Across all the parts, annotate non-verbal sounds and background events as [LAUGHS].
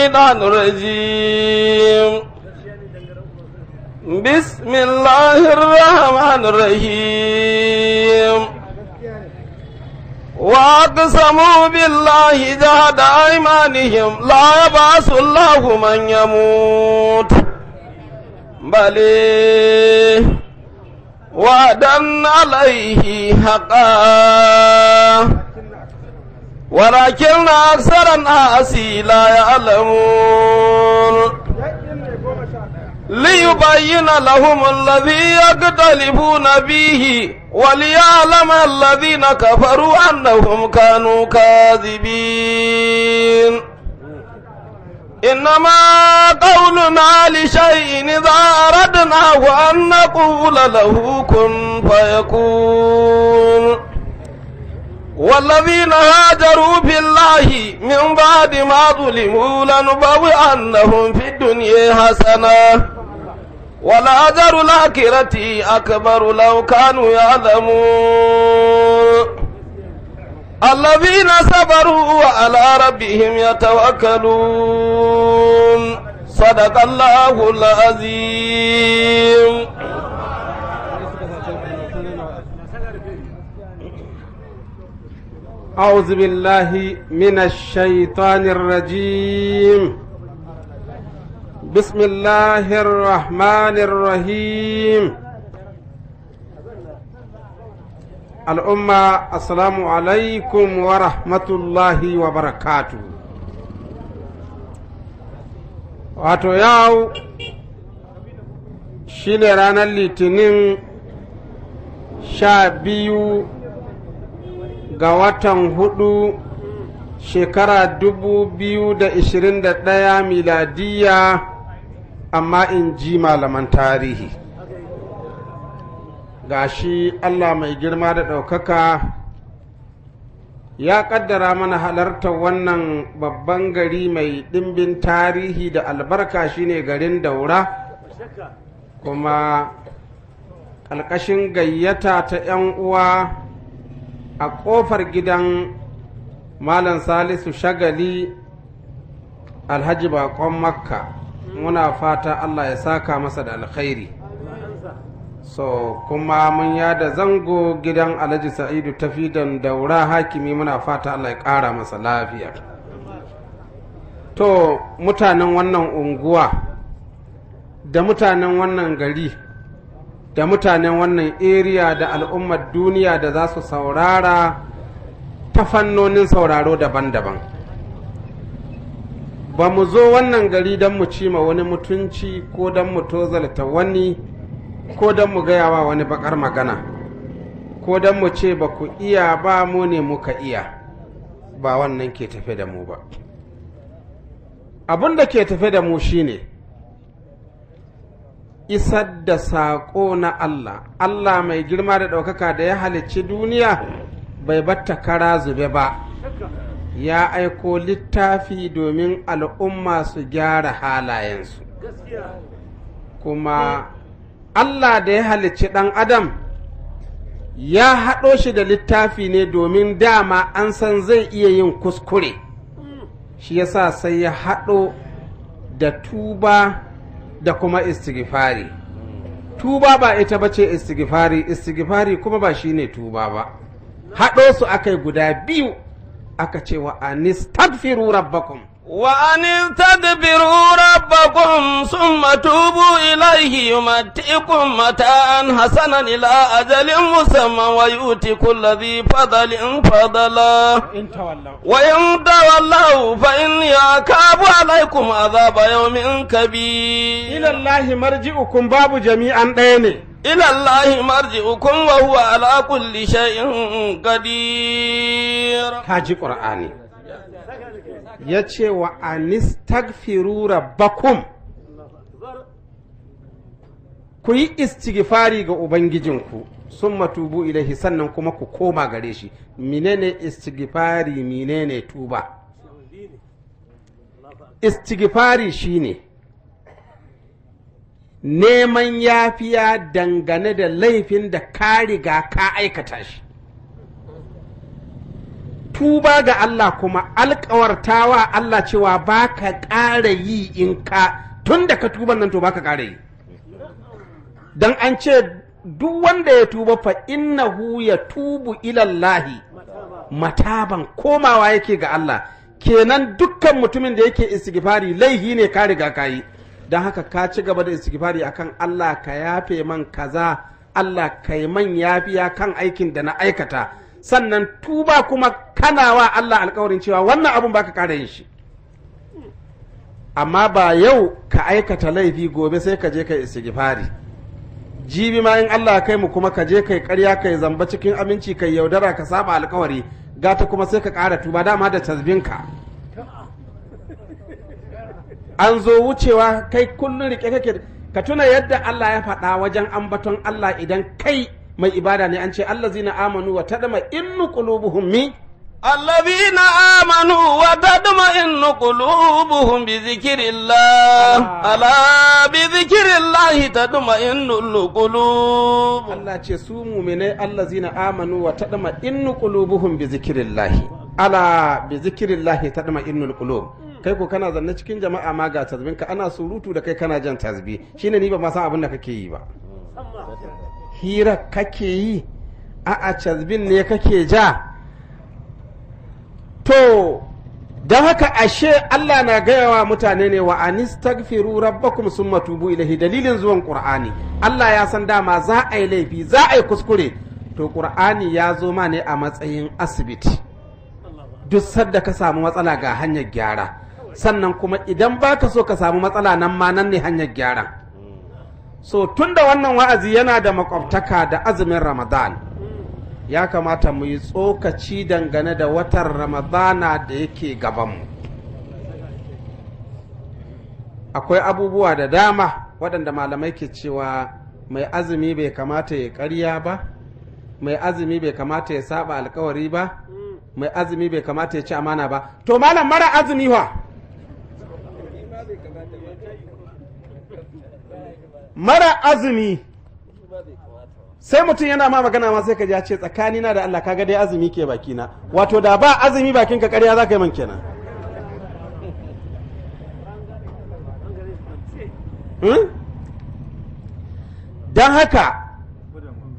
الشيطان الرجيم بسم الله الرحمن الرحيم واقسموا بالله جهد ايمانهم لا يبعث الله من يموت بل وعدا عليه حقا ولكن أكثر الناس لا يعلمون ليبين لهم الذي يختلفون به وليعلم الذين كفروا أنهم كانوا كاذبين إنما قولنا لشيء إذا أردناه أن نقول له كن فيكون والذين هاجروا في الله من بعد ما ظلموا لنبوئنهم في الدنيا حسنة ولأجر الآخرة أكبر لو كانوا يعلمون الذين صبروا وعلى ربهم يتوكلون صدق الله العظيم أعوذ بالله من الشيطان الرجيم بسم الله الرحمن الرحيم الأمة السلام عليكم ورحمة الله وبركاته واتو ياو شيني رانا litinin sha biyu ga watan hudu shekara dubu biyu da ishirin da ɗaya miladiya amma in ji malaman tarihi gashi Allah mai girma da ɗaukaka ya ƙaddara mana halartar wannan babban gari mai ɗimbin tarihi da albarka shine garin daura kuma ƙalƙashin gayyata ta 'yan uwa a ƙofar gidan malam salisu shagali alhaji bakon makka muna fata allah ya saka masa da alkhairi so kuma mun da zango gidan alhaji sa'idu tafidan daura hakimi muna fata allah ya ƙara masa lafiya to mutanen wannan unguwa da mutanen wannan gari da mutanen wannan area da al'ummar duniya da za su saurara ta fannonin sauraro daban-daban ba mu zo wannan gari don mu ci ma wani mutunci ko don mu tozalta wani ko don mu gaya gayawa wani bakar magana ko don mu ce ba ku iya ba mu ne muka iya ba wannan ke tafe da mu ba abin da ke tafe da mu shine ne isar da saƙo na Allah Allah mai girma da ɗaukaka da ya halicci duniya bai batta kara zube ba ya aiko littafi domin al'umma su gyara halayensu kuma Allah da ya halicci ɗan adam ya haɗo shi da littafi ne domin dama an san zai iya yin kuskure mm. shi yasa sai ya haɗo da tuba da kuma istighfari tuba ba ita ba ce istighfari istighfari kuma ba shine tuba ba haɗo su aka guda biyu aka ce wa anistagfiru rabbakum وأن تدبروا ربكم ثم توبوا إليه يمتئكم متاعا حسنا إلى أجل مسمى ويؤتي كل ذي فضل فضلا وإن تولوا فإني أكاب عليكم عذاب يوم كبير إلى الله مرجئكم باب جميعا ديني إلى الله مرجئكم وهو على كل شيء قدير كاجي قرآني ya ce wa anistagfiru rabbakum ku yi istighfari ga ubangijinku sun matubu ilahi sannan kuma ku koma gare shi menene istighfari menene tuba istighfari shine neman yafiya dangane da laifin da ka riga ka aikata shi tuba ga Allah kuma alkawartawa Allah cewa ba ka ƙara yi in ka tun da ka tuban nan to ba ka ƙara yi don an ce duk wanda ya tuba fa innahu ya tubu ilallahi mataban komawa yake ga Allah kenan dukkan mutumin da yake istighfari laihi ne ka riga ka yi don haka ka ci gaba da istighfari akan Allah ka yafe man kaza Allah kai man yafiya kan aikin da na aikata sannan tuba kuma kanawa Allah alkawarin cewa wannan abun baka kara yin shi amma ba yau ka aikata laifi gobe sai ka je kai istighfari jibi ma in Allah kai mu kuma ka je kai karya kai zamba cikin aminci kai yaudara ka saba alkawari gata kuma sai ka kara tuba dama da tasbinka an zo wucewa kai kullum rike kake ka tuna yadda Allah ya faɗa wajen ambaton Allah idan kai mai ibada ne an ce zina amanu wa tadma innu qulubuhum mi na amanu wa tadma innu ah. qulubuhum bi zikrillah ala bi zikrillah tadma innu qulub Allah ce su mu'mine zina amanu wa in innu qulubuhum bi zikrillah ala bi zikrillah tadma innu qulub kai ko kana zanne cikin jama'a ma ga tasbinka ana surutu da kai kana jan tasbi shine ni ba ma san abin da kake yi ba hira kake yi a a cazbin ne kake ja to don haka ashe Allah na gaya wa mutane ne wa anistagfiru rabbakum summa tubu ilahi dalilin zuwan qur'ani Allah ya san dama za a yi laifi za a yi kuskure to qur'ani ya zo ma ne a matsayin asibiti duk sadda ka samu matsala ga hanyar gyara sannan kuma idan baka so ka samu matsala nan ma nan ne hanyar gyaran. so tun da wannan wa'azi yana da makwabtaka da azumin ramadan ya kamata mu yi tsokaci dangane da watan ramadana da yake gabanmu akwai abubuwa da dama waɗanda malamai ke cewa mai azumi bai kamata ya karya ba mai azumi bai kamata ya saba alkawari ba mai azumi bai kamata ya ci amana ba to malam mara azumi wa mara azumi sai mutum yana ma magana ma sai ka ji ce tsakanina da Allah kaga dai azumi ke bakina wato da ba azumi bakin ka ƙarya za ka yi man kenan hmm? don haka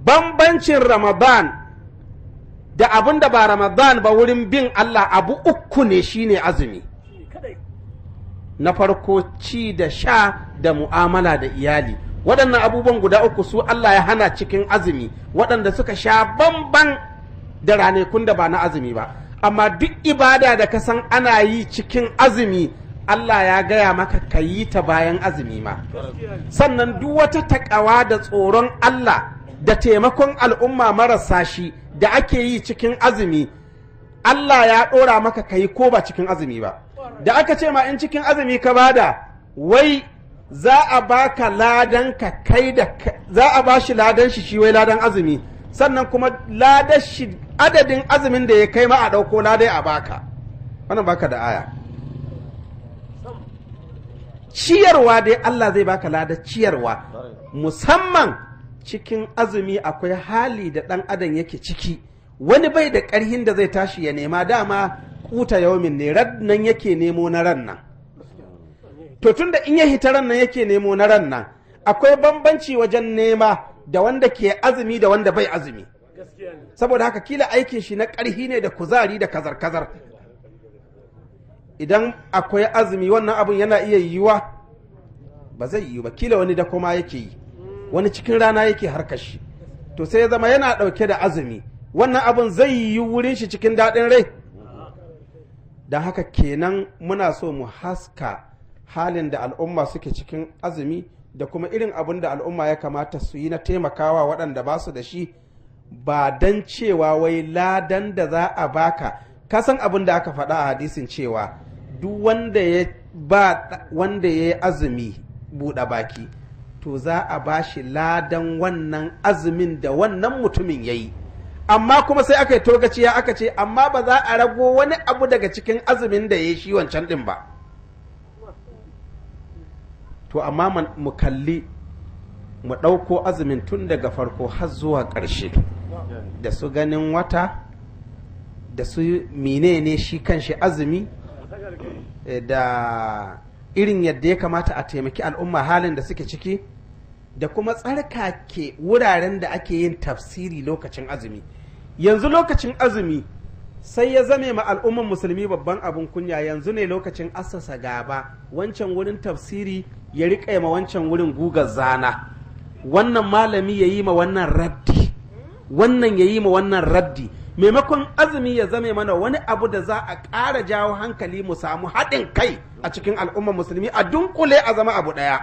bambancin ramadan da abin da ba ramadan ba wurin bin Allah abu uku ne shine azumi na farko ci da sha da mu'amala da iyali waɗannan abubuwan guda uku su Allah ya hana cikin azumi waɗanda suka sha bamban da ranakun da ba na azumi ba amma duk ibada da ka san ana yi cikin azumi Allah ya gaya maka ka yi ta bayan azumi ma sannan duk wata takawa da tsoron Allah da taimakon al'umma marasa shi da ake yi cikin azumi Allah ya ɗora maka ka yi ko ba cikin azumi ba da aka ce ma in cikin azumi ka bada wai za a baka ladan ka kai da za a ba shi ladan shi shi wai ladan azumi sannan kuma ladan shi adadin azumin da ya kai ma a ɗauko ladai a baka wannan baka da aya ciyarwa dai Allah zai baka lada ciyarwa musamman cikin azumi akwai hali da ɗan adam yake ciki wani bai da ƙarhin da zai tashi ya nema dama kuta yawmin ne rad nan yake nemo na ran nan to tunda in ya hita ran nan yake nemo na ran nan akwai bambanci wajen nema da wanda ke azumi da wanda bai azumi saboda haka kila aikin shi na ƙarhi ne da kuzari da kazar-kazar idan akwai azumi wannan abun yana iya yiwuwa ba zai yiwu ba kila wani da kuma yake yi wani cikin rana yake harkashi to sai ya zama yana ɗauke da azumi wannan abun zai yi wurin shi cikin daɗin rai don haka kenan muna so mu haska halin da al'umma suke cikin azumi da kuma irin abin da al'umma ya kamata su yi na taimakawa waɗanda ba su da shi ba don cewa wai ladan da za a baka kasan abin da aka faɗa a hadisin cewa duk wanda ya ba wanda ya yi azumi buɗe baki to za a ba shi ladan wannan azumin da wannan mutumin ya yi amma kuma sai aka yi togaciya aka ce amma ba za a rago wani abu daga cikin azumin da ya yi shi wancan ɗin ba to amma mu kalli mu ɗauko azumin tun daga farko har zuwa ƙarshe da su ganin wata da su menene shi kanshi azumi eh, da irin yadda ya kamata a taimaki al'umma halin da suke ciki da kuma tsarka ke wuraren da ake yin tafsiri lokacin azumi yanzu lokacin azumi sai ya zame ma al'umman musulmi babban abin kunya yanzu ne lokacin asasa gaba wancan wurin tafsiri ya riƙa ma wancan wurin gugar zana wannan malami ya yi ma wannan raddi wannan ya yi ma wannan raddi maimakon azumi ya zame mana wani abu da za a ƙara jawo hankali mu samu haɗin kai a cikin al'ummar musulmi a dunkule a zama abu ɗaya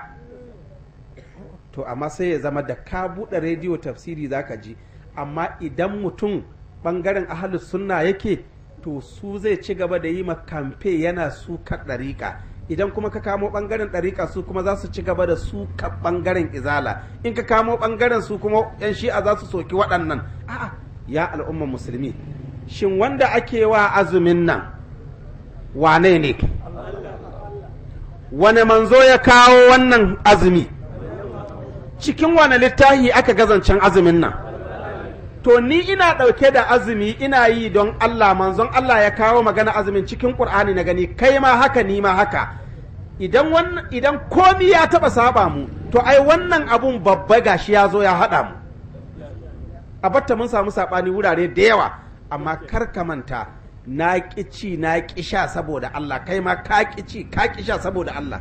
to amma sai ya zama da ka buɗe rediyo tafsiri za ka ji amma idan mutum bangaren ahalus sunna yake to su zai ci gaba da yi ma kamfe yana suka ɗariƙa idan kuma ka kamo bangaren ɗariƙa su kuma za su ci gaba da suka ɓangaren izala in ka kamo ɓangaren su kuma yan shi'a za su soki waɗannan a'a ya al'ummar musulmi shin wanda ake wa azumin nan wane ne wane manzo ya kawo wannan azumi cikin wane littafi aka gazancen azumin nan to ni ina ɗauke da azumi ina yi don Allah manzon Allah ya kawo magana azumin cikin ƙur'ani na gani kai ma haka ni ma haka idan wannan idan komi ya taba saba mu to ai wannan abun babba gashi ya zo ya haɗa mu a mun samu saɓani wurare da yawa amma kar ka manta na ci na sha saboda Allah kai ma ka ci ka sha saboda Allah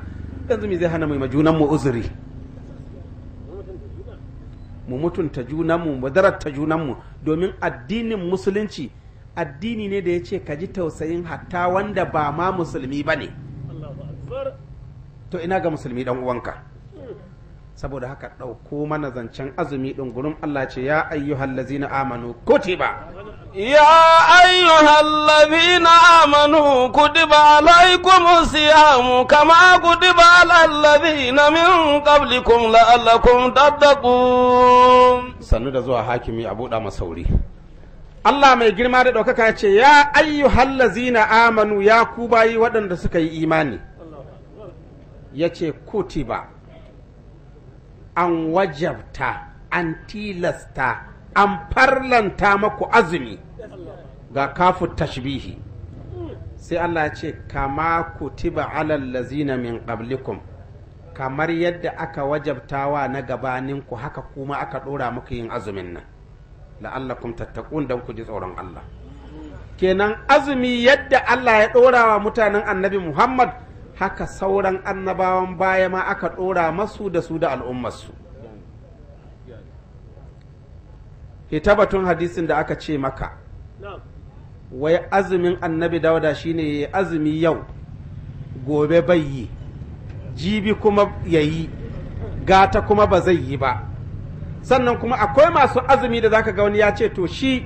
yanzu me zai hana mai majunan mu uzuri mu mutunta junanmu mu darata junanmu domin addinin musulunci addini ne da ya ce ka ji tausayin hatta wanda ba ma musulmi ba ne to ina ga musulmi dan uwanka saboda haka ɗauko mana zancen azumi ɗin gurin Allah ce ya ayyuhal na amanu kutiba ya ayyuhal na amanu kutiba alaikum siyamu kama kutiba alallazi na min qablikum la'allakum tattaqun sannu da zuwa hakimi a buɗa masauri Allah mai girma da ɗaukaka ce ya ayyuhal na amanu ya ku bayi waɗanda suka yi imani ya ce kutiba an wajabta an tilasta an farlanta maku azumi ga kafu tashbihi sai Allah ya ce kama kutiba alal lazina min qablikum kamar yadda aka wajabtawa na gabaninku haka kuma aka ɗora muku yin azumin nan la'allakum tattaqun dan ku ji tsoron Allah kenan azumi yadda Allah ya ɗora wa mutanen annabi Muhammad haka sauran annabawan baya ma aka ɗora masu da su da al'ummarsu hita batun hadisin da aka ce maka wai azumin annabi dauda shine ya azumi yau gobe bai yi jibi kuma ya yi gata kuma ba zai yi ba sannan kuma akwai masu azumi da zaka ga wani ya ce to shi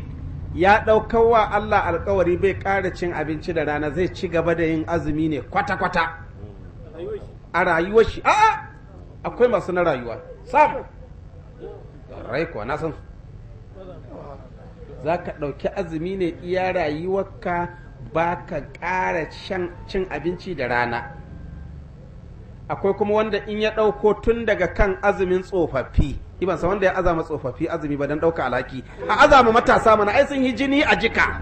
ya ɗaukar wa Allah alkawari bai ƙara cin abinci da rana zai ci gaba da yin azumi ne kwata-kwata a rayuwar shi a'a akwai masu na rayuwa Sam, rai kuwa na san za ka ɗauki azumi ne iya rayuwarka ba ka ƙara cin abinci da rana akwai kuma wanda in ya ɗauko tun daga kan azumin tsofaffi ni ban san wanda ya azama tsofaffi azumi ba dan ɗauka alhaki a azama matasa mana ai sun yi jini a jika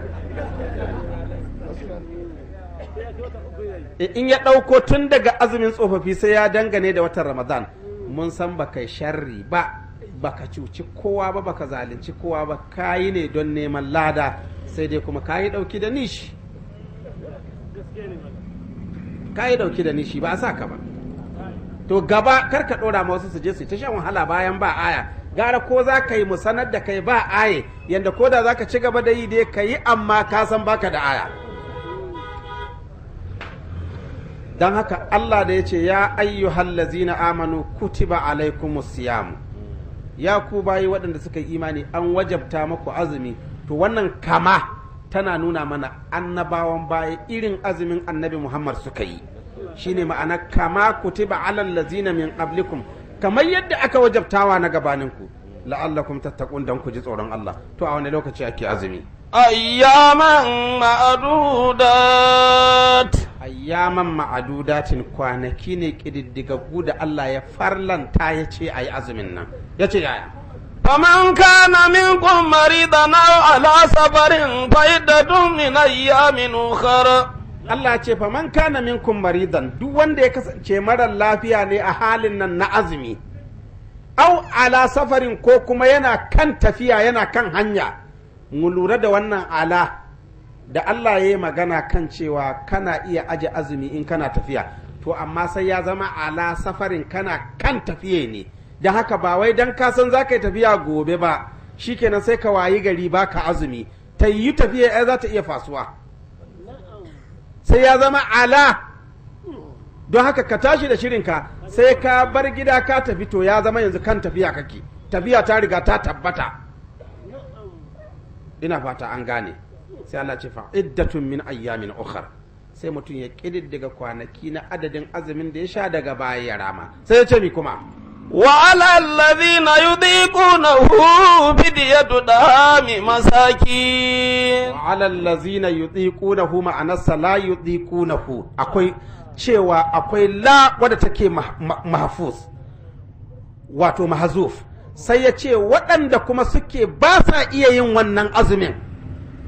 in ya ɗauko tun daga azumin tsofaffi sai ya dangane da watan ramadan mun san baka sharri ba baka cuci kowa ba baka zalunci kowa ba kayi ne don neman lada sai dai kuma kayi dauki da nishi dauki da nishi ba a sa ka ba to gaba kar ka ɗora ma wasu su je su ta shan wahala bayan ba aya gara ko za ka yi musanar da kai ba aya, yadda ko da za ka ci gaba da yi dai ka yi amma ka san baka da aya don haka Allah da ya ce ya ayyu ayyuhallazina amanu kutiba alaikumus siyamu ya ku bayi waɗanda suka yi imani an wajabta maku azumi to wannan kama tana nuna mana annabawan baya irin azumin annabi muhammad suka yi shine ma'ana kama kutiba alal lazina min qablikum kamar yadda aka wajabtawa na gabaninku la'allakum tattaqun dan ku ji tsoron Allah to a wani lokaci ake azumi ayyaman ma'adudat ayyaman ma'adudatin kwanaki ne kididdigaggu da Allah ya farlanta ya ce a yi azumin nan ya ce yaya فمن كان منكم مريضا او على سفر فعدة من ايام اخرى Allah ce fa man kana minkum maridan duk wanda ya kasance marar lafiya ne a halin nan na azumi au ala safarin ko kuma yana kan tafiya yana kan hanya mu lura da wannan ala da Allah ya yi magana kan cewa kana iya aje azumi in kana tafiya to amma sai ya zama ala safarin kana kan tafiye ne da haka ba wai dan ka san za ka yi tafiya gobe ba shikenan sai ka wayi gari ba ka azumi ta yi tafiya ya za ta iya fasuwa sai ya zama ala don haka ka tashi da shirinka sai ka bar gida ka tafi to ya zama yanzu kan tafiya kake tafiya ta riga ta tabbata ina fata an gane sai Allah ce fa iddatun min ayyamin ukhra sai mutum ya kididdiga kwanaki na adadin azumin da ya sha daga baya ya rama sai ya ce mi kuma وعلى الذين يذيقونه فدية دام مساكين وعلى الذين يذيقونه معنى لا يذيقونه akwai cewa akwai la wadda take mahfuz wato mahzuf sai ya ce waɗanda kuma suke ba sa iya yin wannan azumin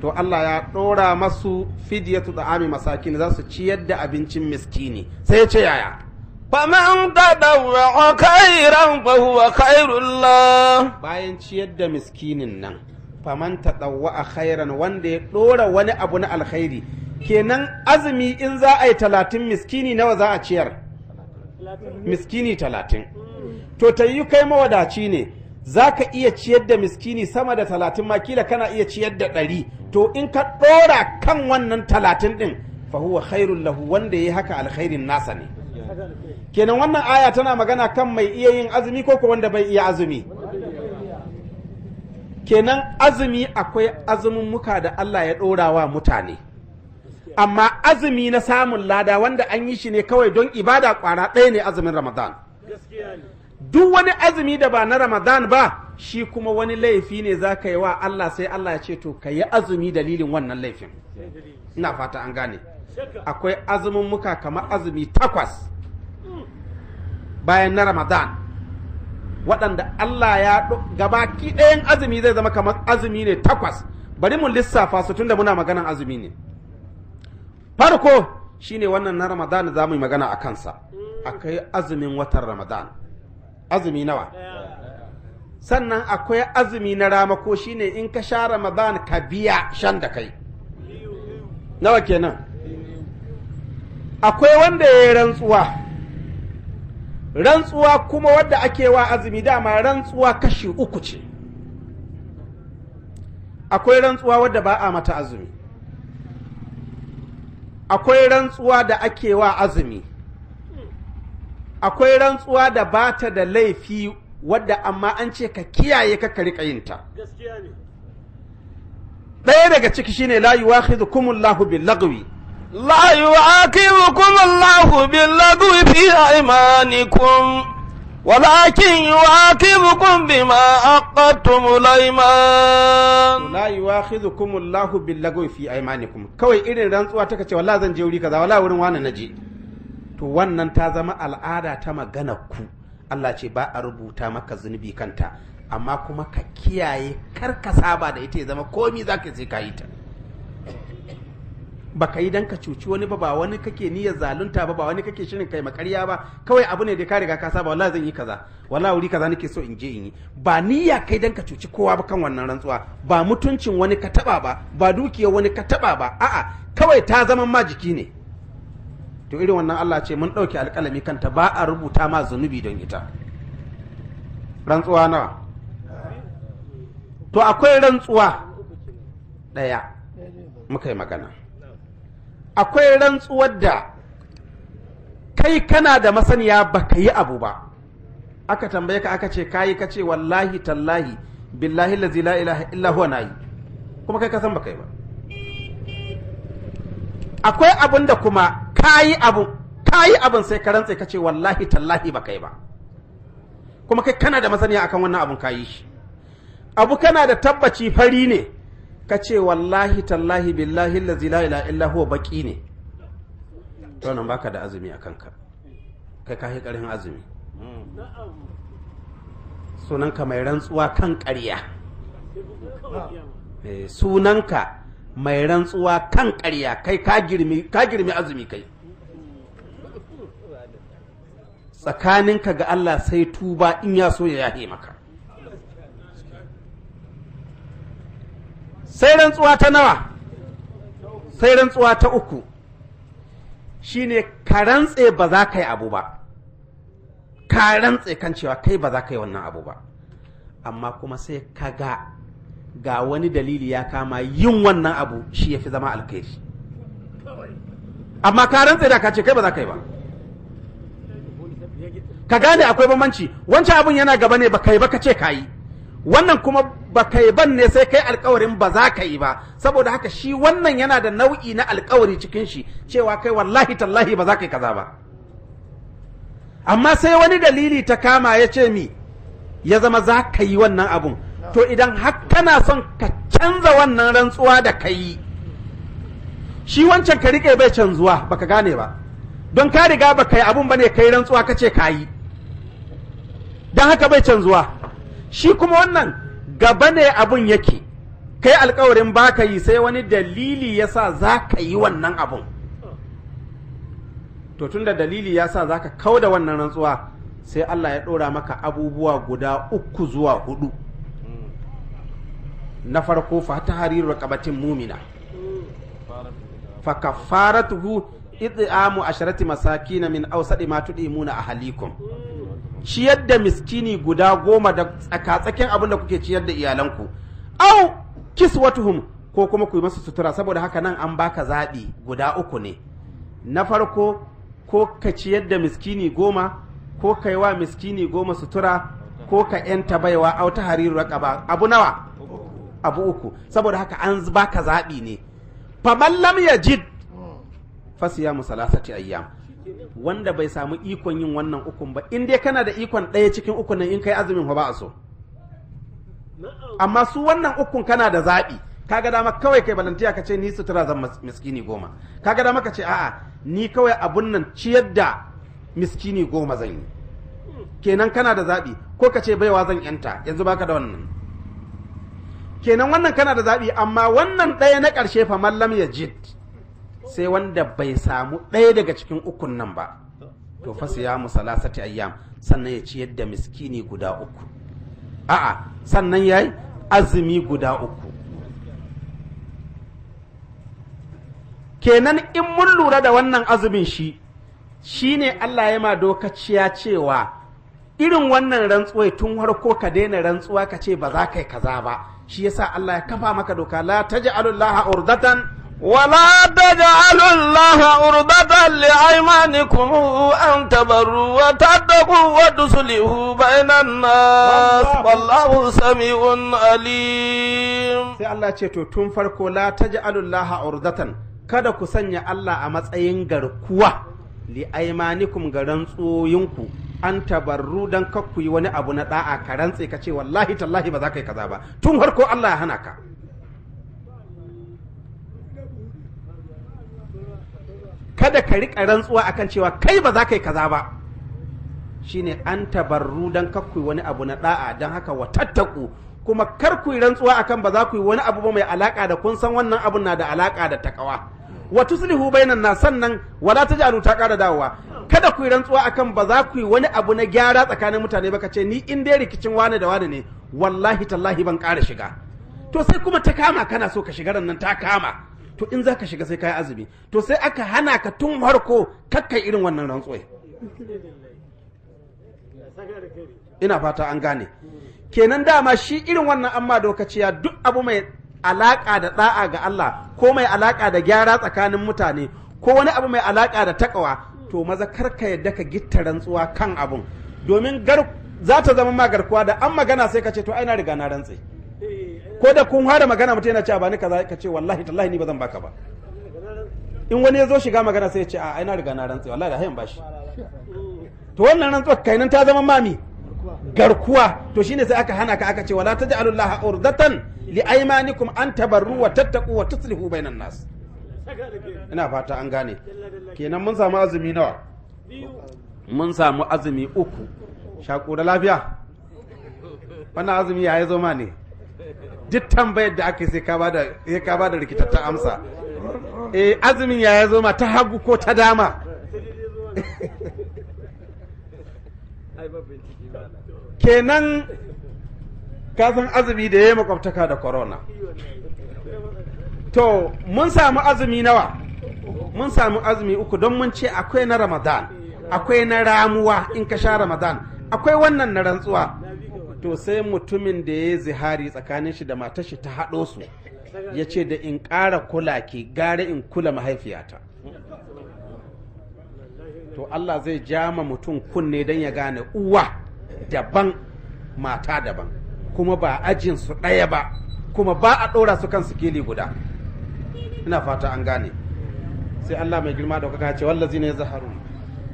to Allah ya ɗora masu fidiyatu da ami masakin za su ciyar da abincin miskini sai ya ce yaya faman tadawwa khairan fa huwa bayan ciyar da miskinin nan faman tadawwa khairan wanda ya ɗora wani abu na alkhairi kenan azumi in za a yi talatin miskini nawa za a ciyar miskini talatin to ta yi kai mawadaci ne za ka iya ciyar da miskini sama da talatin ma kila kana iya ciyar da ɗari to in ka ɗora kan wannan talatin ɗin fahuwa wanda ya haka alkhairin nasa ne kenan wannan aya tana magana kan mai iya yin azumi ko ko wanda bai iya azumi kenan azumi akwai azumin muka da Allah ya ɗora wa mutane amma azumi na samun lada wanda an yi shi ne kawai don ibada kwara ɗaya ne azumin ramadan duk wani azumi da ba na ramadan ba shi kuma wani laifi ne za ka yi wa Allah sai Allah ya ce to ka yi azumi dalilin wannan laifin ina fata an gane akwai azumin muka kamar azumi takwas bayan na ramadan waɗanda Allah ya gabaki ɗayan azumi zai zama kamar azumi ne takwas bari mu lissafa su tunda muna maganan azumi ne farko shine wannan na ramadan za mu yi magana a kansa akwai azumin watan ramadan azumi nawa sannan akwai azumi na ramako shine in ka sha ramadan ka biya shan da kai nawa kenan akwai wanda ya yi rantsuwa rantsuwa kuma wadda ake wa azumi dama rantsuwa kashi uku ce akwai rantsuwa wadda ba a mata azumi akwai rantsuwa da ake wa azumi akwai rantsuwa da ba ta da laifi wadda amma an ce ka kiyaye ka yin ta ɗaya daga ciki shine la yuwakhidhukumullahu lahubin lagwi لا يعاقبكم الله باللغو في أيمانكم ولكن يعاقبكم بما عقدتم الأيمان لا يؤاخذكم الله باللغو في أيمانكم كوي irin rantsuwa take cewa la zan je wuri kaza wala wurin wani naje to wannan ta zama al'ada ta magana ku Allah ce ba a rubuta maka zunubi kanta amma kuma ka kiyaye kar ka saba da ita ya zama komi zaka je ka yi ta baka yi dan ka cuci wani ba ba wani kake niyyar zalunta ba ba wani kake shirin kai makariya ba kawai abu ne da ka riga ka saba wallahi zan yi kaza wallahi wuri kaza nake so in je in yi ba niyya kai dan ka cuci kowa ba kan wannan rantsuwa ba mutuncin wani ka taba ba ba dukiya wani ka taba ba a'a kawai ta zama ma jiki ne to irin wannan Allah ce mun dauke alƙalami kanta ba a rubuta ma zunubi don ita rantsuwa nawa to akwai rantsuwa ɗaya muka yi magana akwai rantsuwar da kai kana da masaniya ba ka yi abu ba aka tambaye ka aka ce kayi ka ce wallahi tallahi billahi lazi la ilaha illa huwa yi. kuma kai ka san ba kai ba akwai abin da kuma kayi abu kayi abin sai ka rantse ka ce wallahi tallahi ba kai ba kuma kai kana da masaniya akan wannan abun kayi shi abu kana da tabbaci fari ne ka ce wallahi tallahi billahi lazi la ila illa huwa baki ne to nan baka da azumi a kanka kai ka karin azumi sunanka mai rantsuwa kan ƙarya eh, sunanka mai rantsuwa kan ƙarya kai ka girmi azumi kai tsakaninka ga Allah sai tuba in ya so ya yahe maka sai rantsuwa ta nawa sai rantsuwa ta uku shine ka rantse ba za ka yi abu ba ka rantse kan cewa kai ba za ka yi wannan abu ba amma kuma sai ka ga ga wani dalili ya kama yin wannan abu shi ya fi zama alkhairi amma ka rantse da ka ce kai ba za ka yi ba ka gane akwai bambanci wancan abun yana gaba ne ba kai ba ka ce ka yi wannan kuma ba ka ban ne sai kai alkawarin ba za ka yi ba saboda haka shi wannan yana da nau'i na alkawari cikin shi cewa kai wallahi tallahi ba za ka yi kaza ba amma sai wani dalili ta kama ya ce mi ya zama za ka yi wannan abun to idan har kana son ka canza wannan rantsuwa da ka yi shi wancan ka riƙe bai canzuwa ba ka gane ba don ka riga ka yi abun ba ne ka yi rantsuwa ka ce ka yi don haka bai canzuwa shi kuma wannan gaba ne abun yake kai alkawarin baka yi sai wani dalili ya sa za ka yi wannan abun to tunda dalili ya sa za ka kau da wannan rantsuwa sai Allah ya ɗora maka abubuwa guda uku zuwa hudu na farko fa ta hariru kabatin mumina fa a sharati masaki na min matuɗi ma a halikon. ciyar da miskini guda goma da tsakatsakin abin da kuke ciyar da iyalanku au hum ko kuma ku yi masu sutura saboda haka nan an baka zaɓi guda uku ne na farko ko ka ciyar da miskini goma ko ka yi wa miskini goma sutura ko ka yanta baiwa au ta hariru ba abu nawa abu uku saboda haka an baka zaɓi ne faman lam yajid fasiyamu salasati ayyam wanda bai samu ikon yin wannan ukun ba in dai kana da ikon ɗaya cikin ukun nan in kai azumin ba a so amma su wannan ukun kana da zaɓi kaga dama kawai kai balantiya ka ce ni sutura zan miskini goma kaga dama ka ce a'a ni kawai abun nan ciyar da miskini goma zan yi kenan kana da zaɓi ko ka ce baiwa zan yanta yanzu baka da wannan kenan wannan kana da zaɓi amma wannan ɗaya na ƙarshe fa mallam ya jid sai wanda bai samu ɗaya daga cikin ukun nan ba to fa siyamu salasati ayyam sannan ya ciyar da miskini guda uku a'a sannan yayi azumi guda uku kenan in mun lura da wannan azumin shi shine Allah ya ma dokaciya cewa irin wannan rantsuwa tun harko ka daina rantsuwa ka ce ba za ka yi kaza ba shi yasa Allah ya kafa maka doka la taj'alullaha urdatan ولا تجعلوا الله عرضة لأيمانكم أن تبروا وتتقوا وتصلحوا بين الناس والله سميع عليم sai Allah ce to tun farko la taj'alul laha kada ku sanya Allah a matsayin garkuwa li ga rantsuyinku an tabarru dan kakku yi wani abu na da'a ka rantse kace ce wallahi tallahi ba zakayi kaza ba tun farko Allah ya hana ka kada ka riƙa rantsuwa akan cewa kai ba za ka yi kaza ba shine an tabarru don kakku wani abu na ɗa'a don haka wa tattaku kuma kar ku rantsuwa akan ba za ku yi wani abu ba mai alaƙa da kun san wannan abun na da alaƙa da takawa wa tuslihu bainan na sannan wala ta tajalu ta ƙara dawowa kada ku yi rantsuwa akan ba za ku yi wani abu na gyara tsakanin mutane ba ce ni in dai rikicin wane da wane ne wallahi tallahi ban ƙara shiga to sai kuma ta kama kana so ka shiga nan ta kama to in za ka shiga sai ka yi azumi to sai aka hana ka tun harko kakka irin wannan rantsuwa. ina fata an gane kenan dama shi irin wannan amma dokaciya duk abu mai alaka da da'a ga Allah ko mai alaka da gyara tsakanin mutane ko wani abu mai alaka da takawa to maza karka yadda ka gitta rantsuwa kan abun domin gar za ta zama ma garkuwa da an magana sai ka ce to ai na riga na rantse ko da kun hada magana mutum yana cewa ba ni kaza ka ce wallahi tallahi ni ba zan baka ba in wani ya zo shiga magana sai ya ce a ina riga na rantsi wallahi da hayan bashi to wannan rantsuwa kainan ta zama mami garkuwa to shine sai aka hana ka aka ce wala taj'alullaha urdatan li aymanikum an tabarru wa tattaqu wa tuslihu bainan nas ina fata an gane kenan mun samu azumi nawa mun samu azumi uku shaƙo da lafiya wannan azumi ya zo ma ne duk tambayar da aka yi sai ka ba da rikitatta amsa eh azumin ya ya ta hagu ko ta dama kenan kasan azumi da ya yi makwabtaka da corona to mun samu azumi nawa mun samu azumi uku don mun ce akwai na ramadan akwai na ramuwa in ka sha ramadan akwai wannan na rantsuwa to sai mutumin da ya yi zihari tsakanin shi da matar shi ta haɗo su ya ce da in ƙara kula ki gare in kula mahaifiyata to Allah zai ja ma mutum kunne don ya gane uwa daban mata daban kuma ba ajin su ɗaya ba kuma ba a ɗora su kan sikili guda ina fata an gane sai Allah mai girma da kuka ce wallazi ne zaharu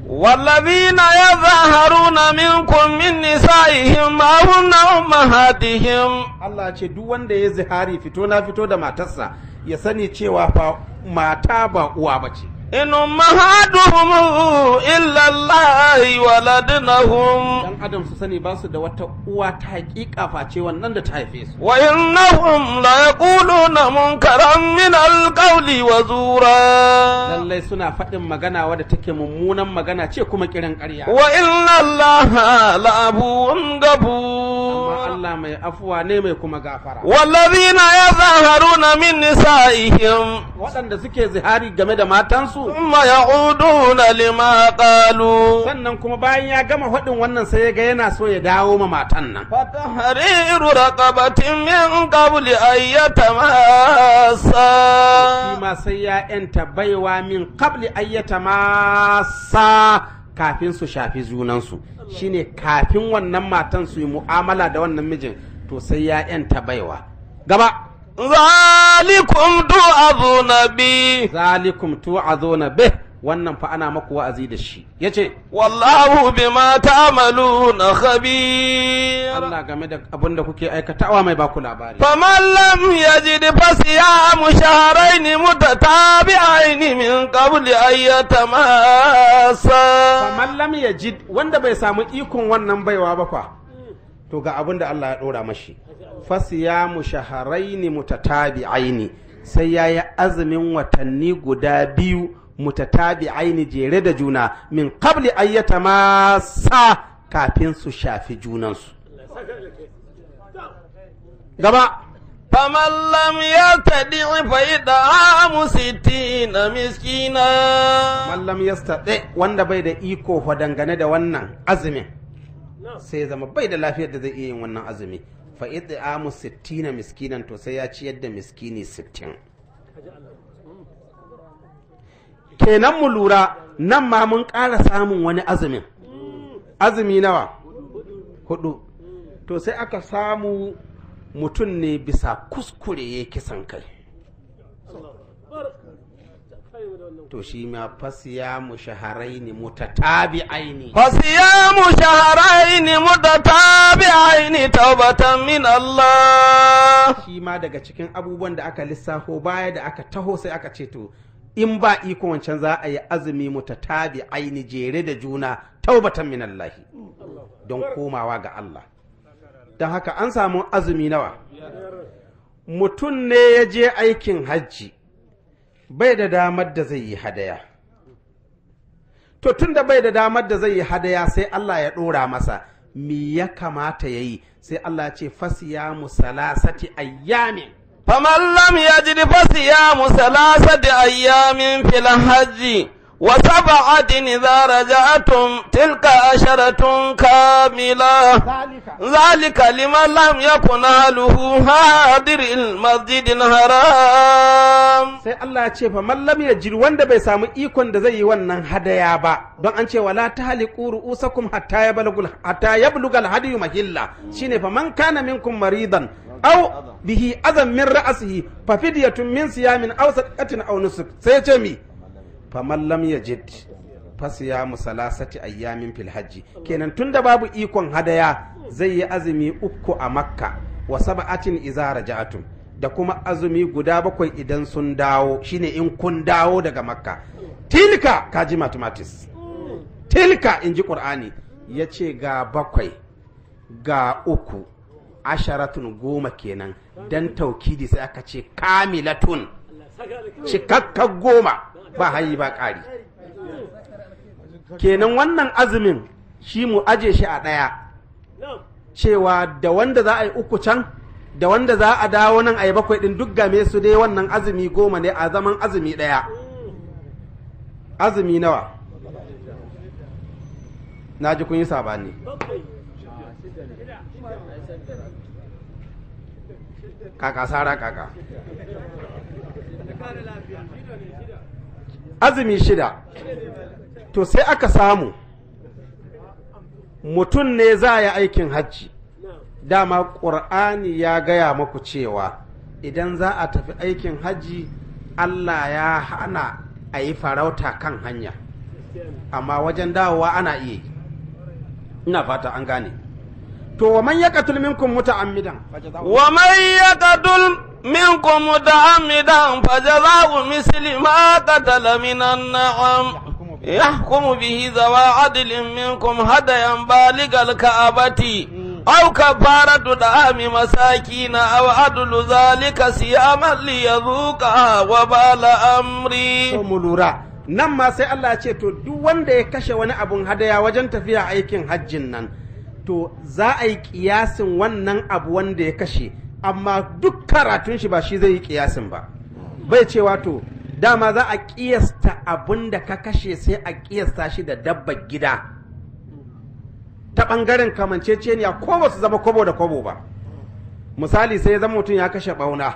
والذين يظهرون منكم من نسائهم ما هن أمهاتهم الله ce duk wanda ya zihari fito na fito da matarsa ya sani cewa fa mata ba uwa bace إن أمهاتهم إلا wa ولدنهم dan adam su sani ba su da wata uwa ta hakika face wannan da ta haife su wa innahum la yaquluna munkaran min alqawli wa zura lallai suna faɗin magana wadda take mummunan magana ce kuma kiran ƙarya wa inna allaha la abun gabu amma Allah mai afuwa ne mai kuma gafara wallazina yazharu min nisa'ihim waɗanda suke zihari game da matansu ma ya'uduna lima qalu sannan kuma bayan ya gama hudin wannan sai ya ga yana so ya dawo ma matan nan fatahriru raqabatin min qabli ayyata masa kuma sai ya yanta baiwa min qabli ayyata masa kafin su shafi junansu shine kafin wannan matan su yi mu'amala da wannan mijin to sai ya yanta baiwa gaba zalikum na bi zalikum na bi wannan fa ana maku wa'azi da shi ya ce. wallahu bima na khabir Allah game da abin da kuke aikatawa mai baku labari ya ji mu lam yajid fasiyamu shahrayn aini min qabli an yatamassa faman ya ji wanda bai samu ikon wannan baiwa ba fa to ga abin da Allah ya ɗora mashi mu shaharaini aini sai ya yi azumin watanni guda biyu mu aini jere da juna min kabli ayyata masa kafin su shafi junansu gaba فمن da amu siti na miskina wanda bai da iko dangane da wannan azumin sai zama bai da lafiyar da zai iya yin wannan azumi fa amu sittina miskinan to sai ya ciyar da miskini sittin hmm. kenan mu lura nan ma mun ƙara samun wani azumin hmm. azumi nawa hudu to sai aka samu mutum ne bisa kuskure ya kisan kai to shi ma fasiyamu shaharaini mutatabi'aini fasiyamu shaharaini mutatabi'aini taubatan min Allah shi ma daga cikin abubuwan da aka lissafo baya da aka taho sai aka ce to in ba iko wancan za a yi azumi mutatabi'aini jere da juna taubatan min Allah don komawa ga Allah don haka an samu azumi nawa mutum ne ya je aikin hajji bai da damar da zai yi hadaya to tun da bai da damar da zai yi hadaya sai Allah ya ɗora masa me ya kamata ya yi sai Allah ce fasiya musalasati ayyamin faman lam yajid fasiya musalasati ayyamin filan hajji وسبعة إذا رجعتم تلك عشرة كاملة ذلك لمن لم يكن أهله حاضر المسجد الحرام sai Allah ce fa mallam ya jiri wanda bai samu ikon da zai yi wannan hadaya ba don an ce wala tahliqu ru'usakum hatta yablugul hatta yablugul hadiyu mahilla shine fa man kana minkum maridan aw bihi azam min ra'sihi fa fidyatun min siyamin aw sadaqatin aw nusuk sai ya ce mi faman lam yajid fasiyamu salasati ayyamin fil hajji kenan tunda babu ikon hadaya zai yi azumi uku a makka wa sab'atin idza raja'atum da kuma azumi guda bakwai idan sun dawo shine in kun dawo daga makka tilka kaji mathematics tilka in ji qur'ani ya ce ga bakwai ga uku asharatun goma kenan dan taukidi sai aka ce kamilatun cikakkar goma ba hayi ba ƙari kenan wannan azumin shi mu aje shi a ɗaya cewa da wanda za a yi uku can da wanda za a dawo nan a yi bakwai ɗin duk game su dai wannan azumi goma ne a zaman azumi ɗaya azumi nawa na ji kun yi sabani kaka sara kaka azumi shida to sai aka samu mutum ne za yi aikin hajji dama ƙur'ani ya gaya maku cewa idan za a tafi aikin hajji allah ya hana a yi farauta kan hanya amma wajen dawowa ana iya yi ina fata an gane to wa man yaqtul minkum muta'ammidan wa man yaqtul minkum muta'ammidan fajaza'u misli ma qatala minan na'am يحكم به ذوى عدل منكم هديا بالغ الكعبة أو كفارة دعام مساكين أو عدل ذلك صياما ليذوق وبال أمري nan ma sai Allah ce to duk wanda ya kashe wani abun hadaya wajen tafiya aikin hajjin nan to za a yi kiyasin wannan abu wanda ya kashe amma duk karatun shi ba shi zai yi kiyasin ba bai cewa to dama za a kiyasta abin da ka kashe sai a kiyasta shi da dabbar gida ta ɓangaren kamanceceniya ko ba su zama kobo da kobo ba misali sai ya zama mutum ya kashe ɓauna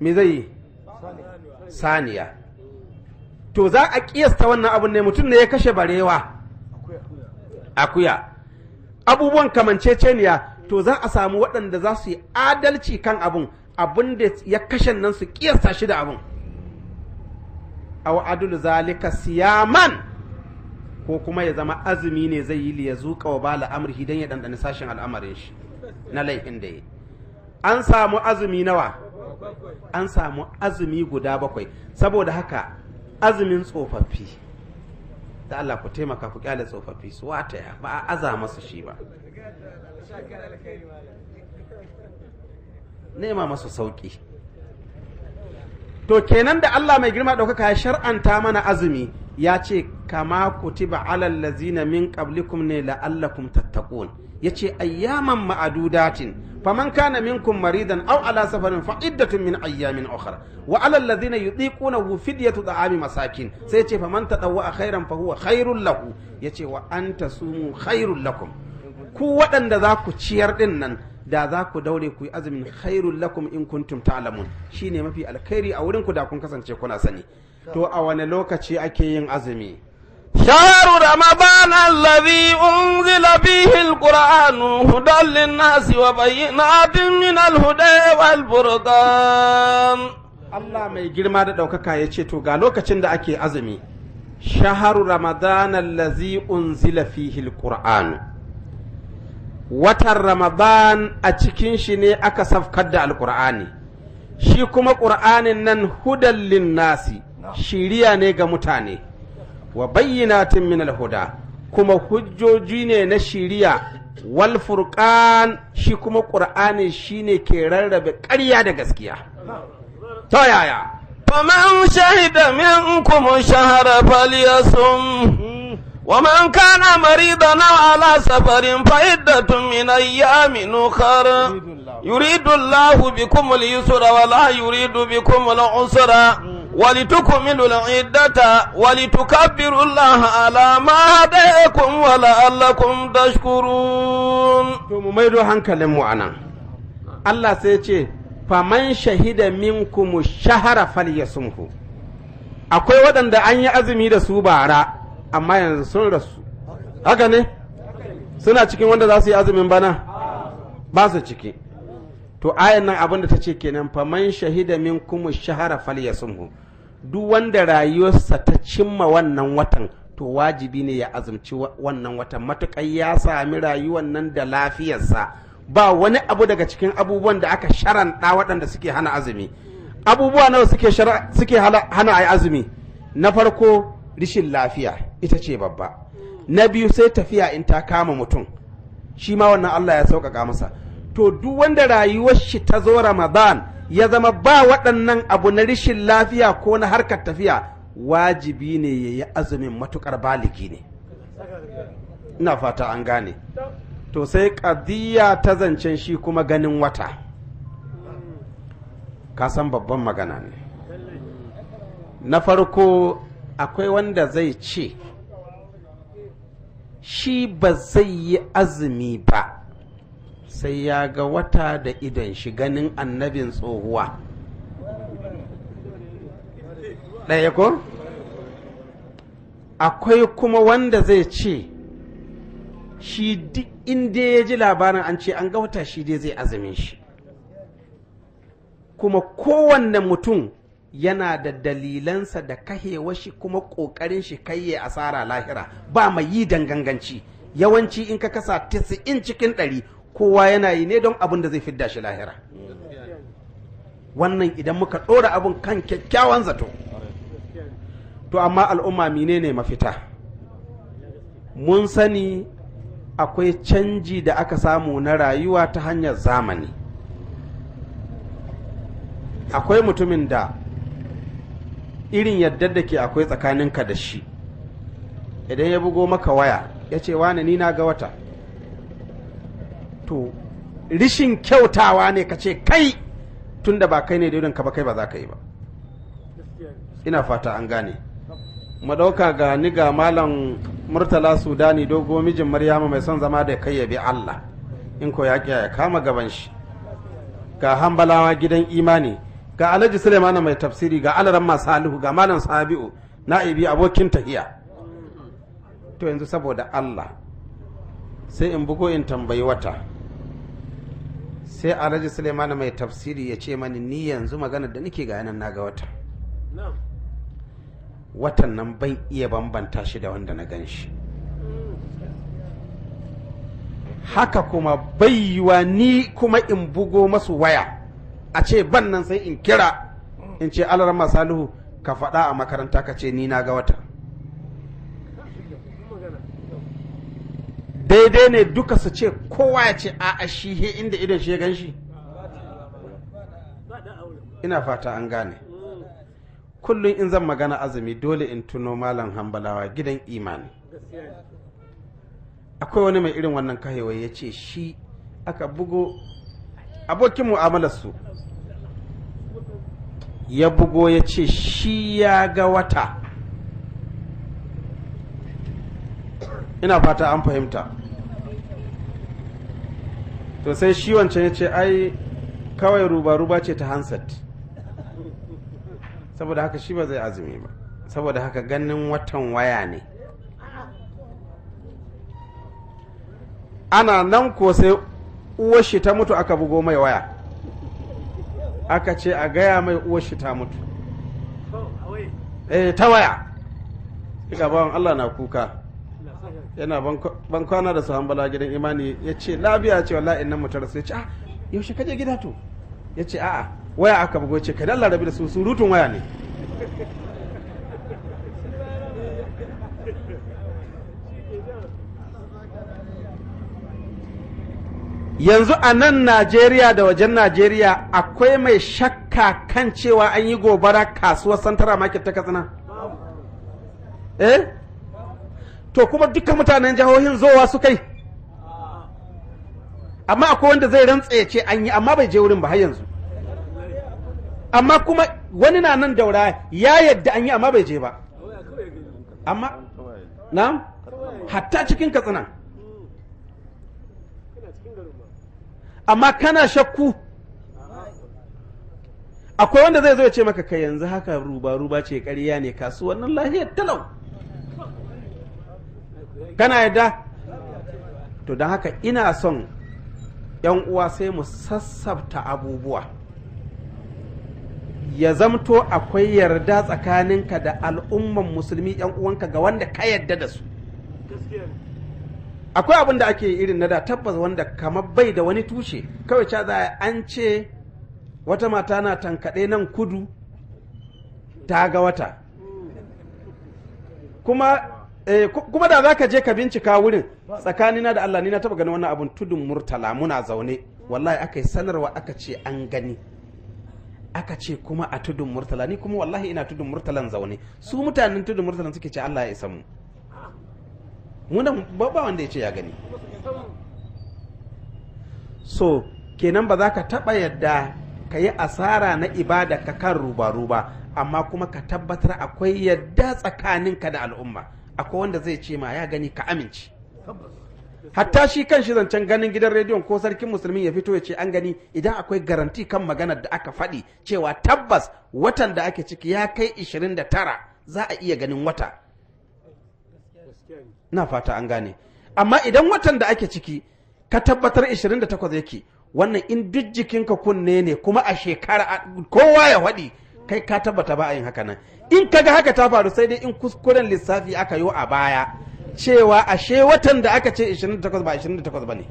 me zai yi saniya to za a kiyasta wannan abin ne mutum ne ya kashe barewa akuya abubuwan kamanceceniya to za a samu waɗanda za su yi adalci kan abun abun da ya kashe nan su kiyasta shi da abun aw adul zalika siyaman ko kuma ya zama azumi ne zai yi ya zuƙa wa bala amrihi don ya ɗanɗani sashen al'amarin shi na laifin da ya an samu azumi nawa an samu azumi guda bakwai saboda haka azumin tsofaffi da Allah ku taimaka ku kyale tsofaffi su wata ba a aza masu shi ba nema masu sauki to kenan da Allah mai girma ɗaukaka ya shar'anta mana azumi ya ce kama kutiba alal lazina min qablikum ne la'allakum tattaqun yace ayyaman ma'adudatin faman kana minkum maridan aw ala safarin fa iddatun min ayyamin ukhra wa ala alladhina yutiquna fidyatu ta'ami masakin sai ce faman tadawwa khairan fa huwa khairul lahu ce wa anta sumu khairul lakum ku waɗanda za ku ciyar din nan da za ku daure ku yi azumin khairul lakum in kuntum ta'lamun shine mafi alkhairi a wurin ku da kun kasance kuna sani to a wane lokaci ake yin azumi شهر رمضان الذي أنزل فيه القرآن هدى للناس وبينات من الهدى والبرقان Allah mai girma da ɗaukaka ya ce to ga lokacin da ake azumi shaharu ramadan allazi unzila fihi alquran watan ramadan a cikin shi ne aka safkar da alqur'ani shi kuma qur'anin nan hudan linnasi shiriya ne ga mutane wa bayyinatin min huda kuma hujjoji ne na shiriya wal furqan shi kuma qur'ani shine ke rarrabe ƙarya da gaskiya to yaya faman shahida minkum shahara falyasum ومن كان مريضا او على سفر فعدة من ايام اخر يريد الله بكم اليسر ولا يريد بكم العسر ولتكملوا العدة ولتكبروا الله على ما هداكم ولعلكم تشكرون mu maido hankalinmu a nan Allah sai ce faman shahida minkum shahara falyasumhu akwai waɗanda an yi azumi da su bara amma yanzu sun rasu haka ne suna cikin wanda za su yi azumin bana ba su ciki to ayan nan abinda ta ce kenan faman shahida min minkum shahara falyasumhu duk wanda rayuwarsa ta cimma wannan watan to wajibi ne ya azumci wannan watan matuƙar ya sami rayuwar nan da lafiyarsa ba wani abu daga cikin abubuwan da aka sharanta waɗanda suke hana azumi abubuwa nawa suke hana a azumi na farko rishin lafiya ita ce babba na biyu sai tafiya in ta kama mutum shi ma wannan Allah ya sauƙaƙa masa to duk wanda rayuwar shi ta zo Ramadan ya zama ba waɗannan abu na rishin lafiya ko na harkar tafiya wajibi ne ya yi azumin matukar baliki ne ina fata an gane to sai ƙadiyya ta zancen shi kuma ganin wata ka san babban magana ne na farko akwai wanda zai ce shi ba zai yi azumi ba sai ya ga wata da idon shi ganin annabin tsohuwa ɗaya ko akwai kuma wanda zai ce shi duk inda ya ji labarin an ce an ga wata shi dai zai azumin shi kuma kowanne mutum yana da dalilansa da kahewa shi kuma ƙoƙarin shi kayye asara lahira ba mai yi danganganci yawanci in ka kasa 90 cikin ɗari kowa yana yi ne don abin da zai fidda shi lahira wannan idan muka ɗora abin kan kyakkyawan zato to amma al'umma mine ne mafita mun sani akwai canji da aka samu na rayuwa ta hanyar zamani akwai mutumin da irin yadda da ke akwai tsakaninka da shi idan ya bugo maka waya ya ce wane ni na ga wata to rishin kyautawa ne ka ce kai tun da ba kai ne da ka ba kai ba za ka yi ba ina fata an gane madauka ga ni ga malam murtala sudani dogo mijin maryama mai son zama da kai ya bi allah in ko ya ya kama gaban shi ga hambalawa gidan imani ga alhaji suleimana mai tafsiri ga alaran salihu ga malam sabi'u na'ibi abokin tahiya to yanzu saboda allah sai in bugo in tambayi wata sai alhaji suleiman mai tafsiri ya ce mani ni yanzu maganar da nake ga yanan ga wata watan nan ban iya bambanta shi da wanda na gan shi haka kuma baiwa ni kuma in bugo masu waya a ce ban nan sai in kira in ce alarma salihu ka faɗa a makaranta ka ce ni na ga wata daidai ne duka su ce kowa ya ce a shi he inda idan shi ya gan shi ina fata an gane kullum in zan magana azumi dole in tuno malam hambalawa gidan imani akwai wani mai irin wannan kahewai ya ce shi aka bugo abokin mu'amalarsu ya bugo ya ce shi ya ga wata ina fata an fahimta to sai shi wancan ya ce ai kawai ruba-ruba ce ta hansat saboda haka shi ba zai azumi ba saboda haka ganin watan waya ne ana nan ko sai uwashi ta mutu aka bugo mai waya aka ce a gaya mai uwashi ta mutu eh ta waya ga bawan Allah na kuka yana ban kwana da sahan bala gidan imani ya ce labiya ce wala innan mutar sai ya ce a ah, yaushe kaje gida to ya ce a'a waya aka bugo ce kai Allah rabi da su surutun waya ne yanzu a nan Najeriya da wajen Najeriya akwai mai shakka kan cewa an yi gobara kasuwar Santara Market ta Katsina? Eh? to kuma dukkan mutanen jihohin zowa su kai amma akwai wanda zai rantsa ya ce an yi amma bai je wurin ba har yanzu amma kuma wani na nan daura ya yadda an yi amma bai je ba amma na hatta cikin katsina amma kana shakku akwai wanda zai zo ya ce maka ka yanzu haka ruba ruba ce ƙarya ne kasuwannin lahiyar talau kana yadda to don haka ina son yan uwa sai mu sassafta abubuwa ya zamto akwai yarda tsakaninka da al'umman musulmi yan uwanka ga wanda ka yadda da su akwai abin da ake irin na da tabbas wanda kamar bai da wani tushe kawai ca za an ce wata mata na tankaɗe nan kudu ta ga wata kuma Eh, kuma da zaka je ka bincika wurin tsakanina da Allah ni na taba ganin wannan abun tudun murtala muna zaune wallahi aka yi sanarwa aka ce an gani aka ce kuma a tudun murtala ni kuma wallahi ina tudun murtalan zaune su mutanen tudun murtalan suke ce Allah ya isa mu munan ba wanda ya ce ya gani so kenan ba za ka taɓa yadda ka yi asara na ibada ka kan ruba-ruba amma kuma ka tabbatar akwai yadda tsakaninka da al'umma akwai wanda zai ce ma ya gani ka amince hatta shi kan shi zancen ganin gidan rediyon ko sarkin musulmi ya fito ya ce an gani idan akwai garanti kan maganar da aka faɗi cewa tabbas watan da ake ciki ya kai 29 za a iya ganin wata na fata an gane amma idan watan da ake ciki ka tabbatar 28 yake wannan in duk jikinka kunne ne kuma a shekara kowa ya faɗi kai ka tabbata ba a yin haka nan in kaga haka ta faru sai dai in kuskuren lissafi aka yi a baya cewa ashe watan da aka ce 28 ba 28 ba ne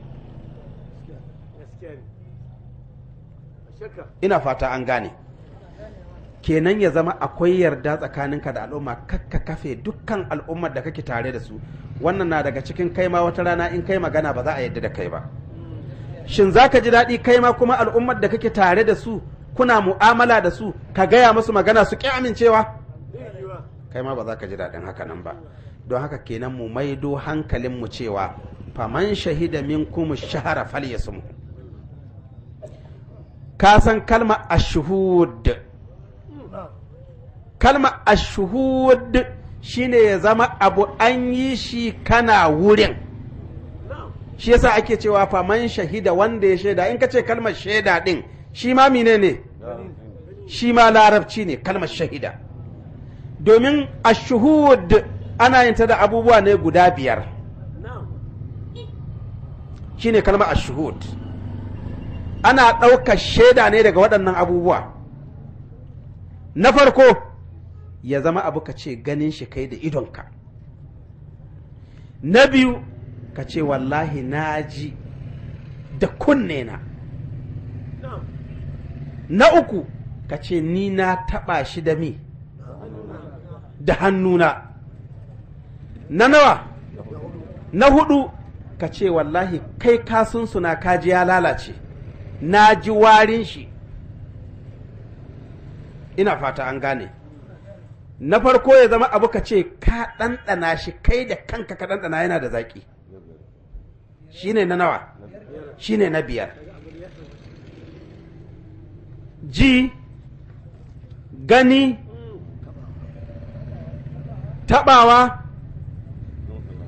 ina fata an gane kenan ya zama akwai yarda tsakaninka da al'umma kakka kafe dukkan al'ummar da kake tare da su wannan na daga cikin kai wata rana in kai magana ba za a yadda da kai ba shin za ka ji daɗi kai ma kuma al'ummar da kake tare da su kuna mu'amala da su ka gaya musu magana su ƙi amincewa kai ma ba za ka ji daɗin haka nan ba don haka kenan mu maido hankalin mu cewa faman shahida minkum shahara falyasum ka san kalma ashuhud. kalma ashuhud shine ya zama abu an yi shi kana wurin shi yasa ake cewa faman shahida wanda ya shaida in ka ce kalmar shaida din shi ma mine ne shi ma larabci ne kalmar shahida domin a shuhud ana yin ta da abubuwa ne guda biyar shi ne kalmar shuhud. ana ɗaukar shaida ne daga waɗannan abubuwa na farko ya zama abu ka ce ganin shi kai da idonka na biyu ka ce wallahi na ji da kunne na na uku ka ce ni na taɓa shi da me da hannuna na nawa na hudu ka ce wallahi kai kasunsu na kaji ya lalace na ji warin shi ina fata an gane na farko ya zama abu ka ce ka ɗanɗana shi kai da kanka ka ɗanɗana yana da zaƙi shi ne na nawa shi ne na biyar ji gani taɓawa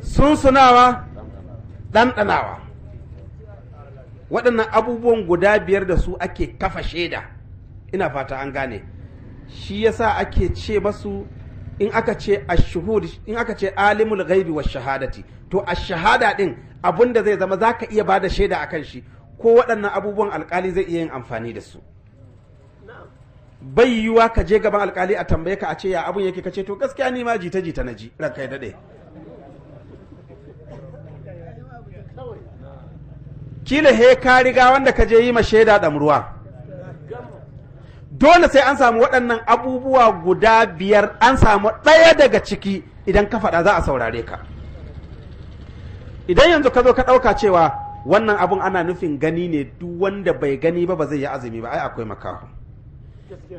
sunsunawa ɗanɗanawa waɗannan abubuwan guda biyar da su ake kafa shaida ina fata an gane shi yasa ake ce masu in aka ce in aka ce alimul ghaibi wa shahadati to a shahada ɗin abinda zai zama za ka iya ba da shaida a kan shi ko waɗannan abubuwan alkali zai iya yin amfani da su bai yiwuwa ka je gaban alkali a tambaye ka a ce ya abun yake kace to gaskiya ni ma jita jita na ji ranka ya dade kila he ka riga wanda ka je yi ma shaida ɗan ruwa dole sai an samu waɗannan abubuwa guda biyar an samu ɗaya daga ciki idan ka faɗa za a saurare ka idan yanzu ka zo ka ɗauka cewa wannan abun ana nufin gani ne duk wanda bai gani ba ba zai yi azumi ba ai akwai makaho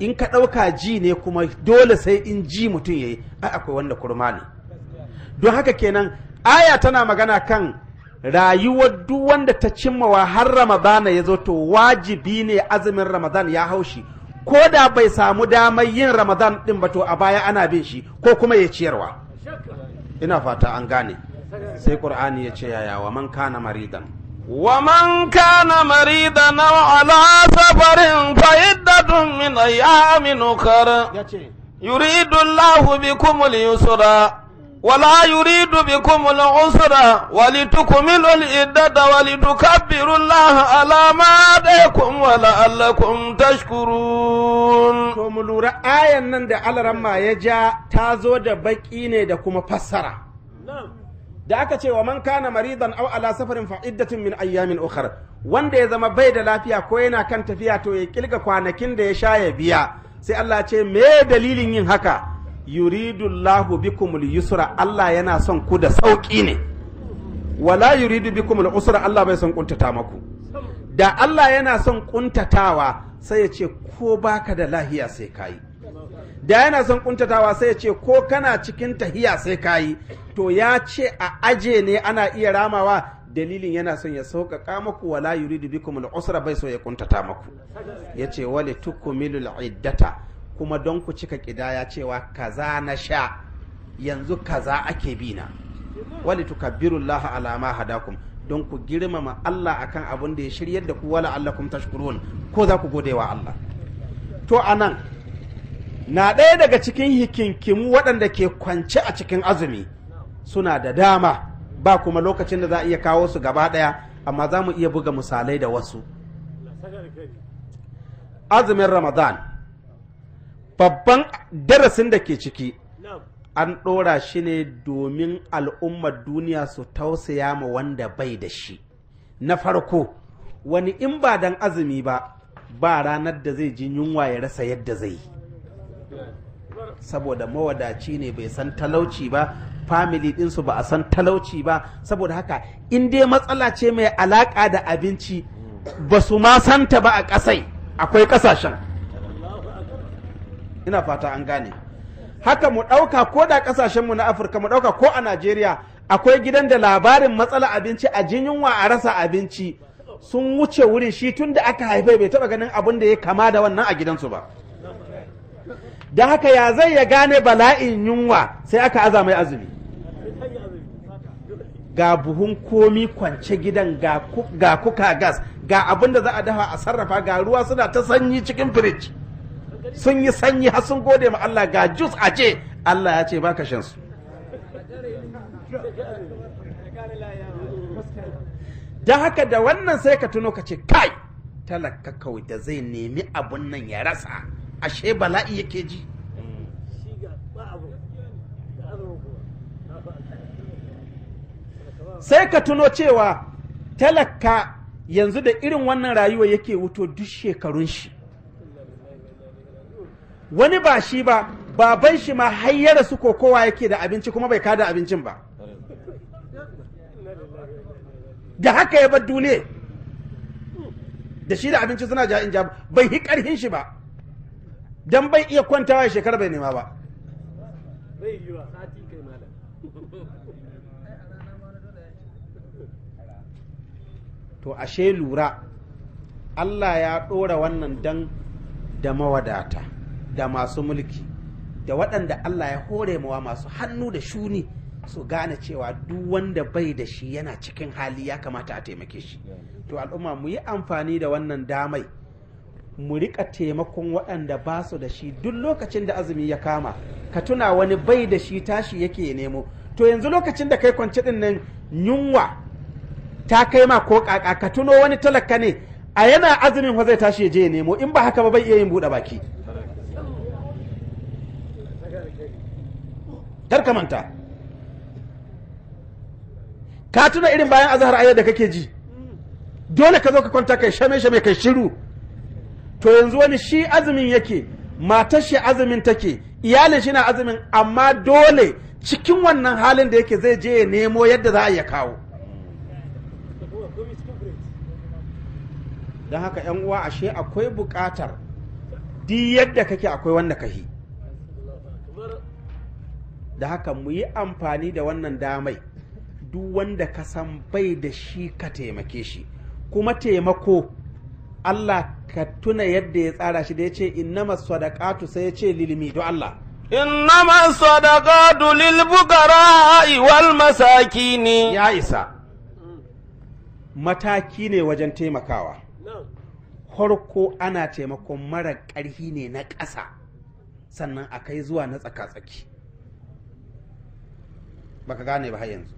in ka ɗauka ji ne kuma dole sai in ji mutum ya yi ai akwai wanda kurma ne don haka kenan aya tana magana kan rayuwar duk wanda ta cimmawa har ramadana ya zo to wajibi ne azumin ramadan ya haushi ko da bai samu damar yin ramadan ɗin ba to a baya ana bin shi ko kuma ya ciyarwa ina fata an gane sai ƙur'ani ya ce yaya wa man kana maridan ومن كان مريضا أو على سفر فعدة من أيام أخر يريد الله بكم اليسر ولا يريد بكم العسر ولتكملوا العدة ولتكبروا الله على ما هداكم ولعلكم تشكرون كم لورا lura ayan على رما يجا تازو ja ta zo da baƙi ne da aka ce wa man kana maridan aw ala safarin fa min ayyamin ukhra wanda ya zama bai da lafiya ko yana kan tafiya to ya kilga kwanakin da ya sha ya biya sai Allah ce me dalilin yin haka yuridu Allahu bikumul yusra Allah yana son ku da sauki ne wala yuridu bikumul usra Allah bai son kuntata maku da Allah yana son kuntatawa sai ya ce ko baka da lahiya sai kai da yana son kuntatawa sai ya ce ko kana cikin tahiya sai kayi. to ya ce a aje ne ana iya ramawa dalilin yana son ya sauƙaƙa maku wala yuridu bikum al-usra bai so ya kuntata maku yace wali milu iddata kuma don ku cika kidaya cewa kaza na sha yanzu kaza ake bina wali tukabbirullah ala alama hadakum don ku girmama Allah akan abin da ya shiryar da ku wala allakum tashkurun ko za ku gode wa Allah to anan na ɗaya daga cikin hikinkimu waɗanda ke kwance a cikin azumi suna da dama ba kuma lokacin da za a iya kawo su gaba ɗaya amma za mu iya buga misalai da wasu azumin ramadan babban darasin da ke ciki an ɗora shi ne domin al'ummar duniya su tausaya ma wanda bai da shi na farko wani in ba dan azumi ba ba ranar da zai ji yunwa ya rasa yadda zai yi saboda mawadaci ne bai san talauci ba family ɗinsu ba a san talauci ba saboda haka in dai matsala ce mai alaka da abinci ba su ma santa ba a ƙasai akwai ƙasashen ina fata an gane haka mu ɗauka ko da ƙasashenmu na afirka mu ɗauka ko a najeriya akwai gidan da labarin matsala abinci a jin yunwa a rasa abinci sun wuce wurin shi tun da aka haife bai taɓa ganin abin da ya kama da wannan a gidansu ba da haka ya zai ya gane bala'in yunwa sai aka aza mai azumi ga buhun komi kwance gidan ga kuka gas ga abin da za a dafa a sarrafa ga ruwa suna ta sanyi cikin firij sun yi sanyi har sun gode ma Allah ga jus a ce Allah ya ce baka shan su da haka da wannan sai ka tuno ka ce kai talaka kawai da zai nemi abun nan ya rasa ashe bala'i yake ji sai ka tuno cewa talaka yanzu da irin wannan rayuwa yake wuto duk shekarun shi wani ba shi ba baban shi ma har su rasu kokowa yake da abinci kuma bai kada abincin ba da haka ya bar duniya da shi da abinci suna ja in bai hi karhin shi ba dan bai iya kwantawa ya shekara bai nema ba to ashe lura Allah ya ɗora wannan dan da mawadata da masu mulki da waɗanda Allah ya hore mawa masu hannu da shuni su gane cewa duk wanda bai da shi yana cikin hali ya kamata a taimake shi to al'umma mu yi amfani da wannan damai mu riƙa taimakon waɗanda ba su da shi duk lokacin da azumi ya kama ka tuna wani bai da shi tashi yake nemo to yanzu lokacin da kai kwance ɗin nan yunwa ta kai ma ko ƙaƙa ka tuno wani talaka ne a yana azumin fa zai tashi ya je ya nemo in ba haka ba bai iya yin buɗe baki kar ka manta ka tuna irin bayan azahar ayyar da kake ji dole ka zo ka kwanta kai shame shame kai shiru to yanzu wani shi azumin yake matar shi azumin take iyalin shi na azumin amma dole cikin wannan halin da yake zai je ya nemo yadda za a iya kawo don haka yan uwa ashe akwai bukatar di yadda kake akwai wanda kahi da haka mu yi amfani da wannan damai duk wanda ka san bai da shi ka taimake shi kuma taimako Allah ka tuna yadda ya tsara shi da ya ce innama sadaqatu sai ya ce lilmi do Allah innama sadaqatu lil fuqara'i wal masakini ya isa mataki ne wajen taimakawa farko ana taimakon mara ƙarfi ne na ƙasa sannan a kai zuwa na tsaka-tsaki baka gane ba har yanzu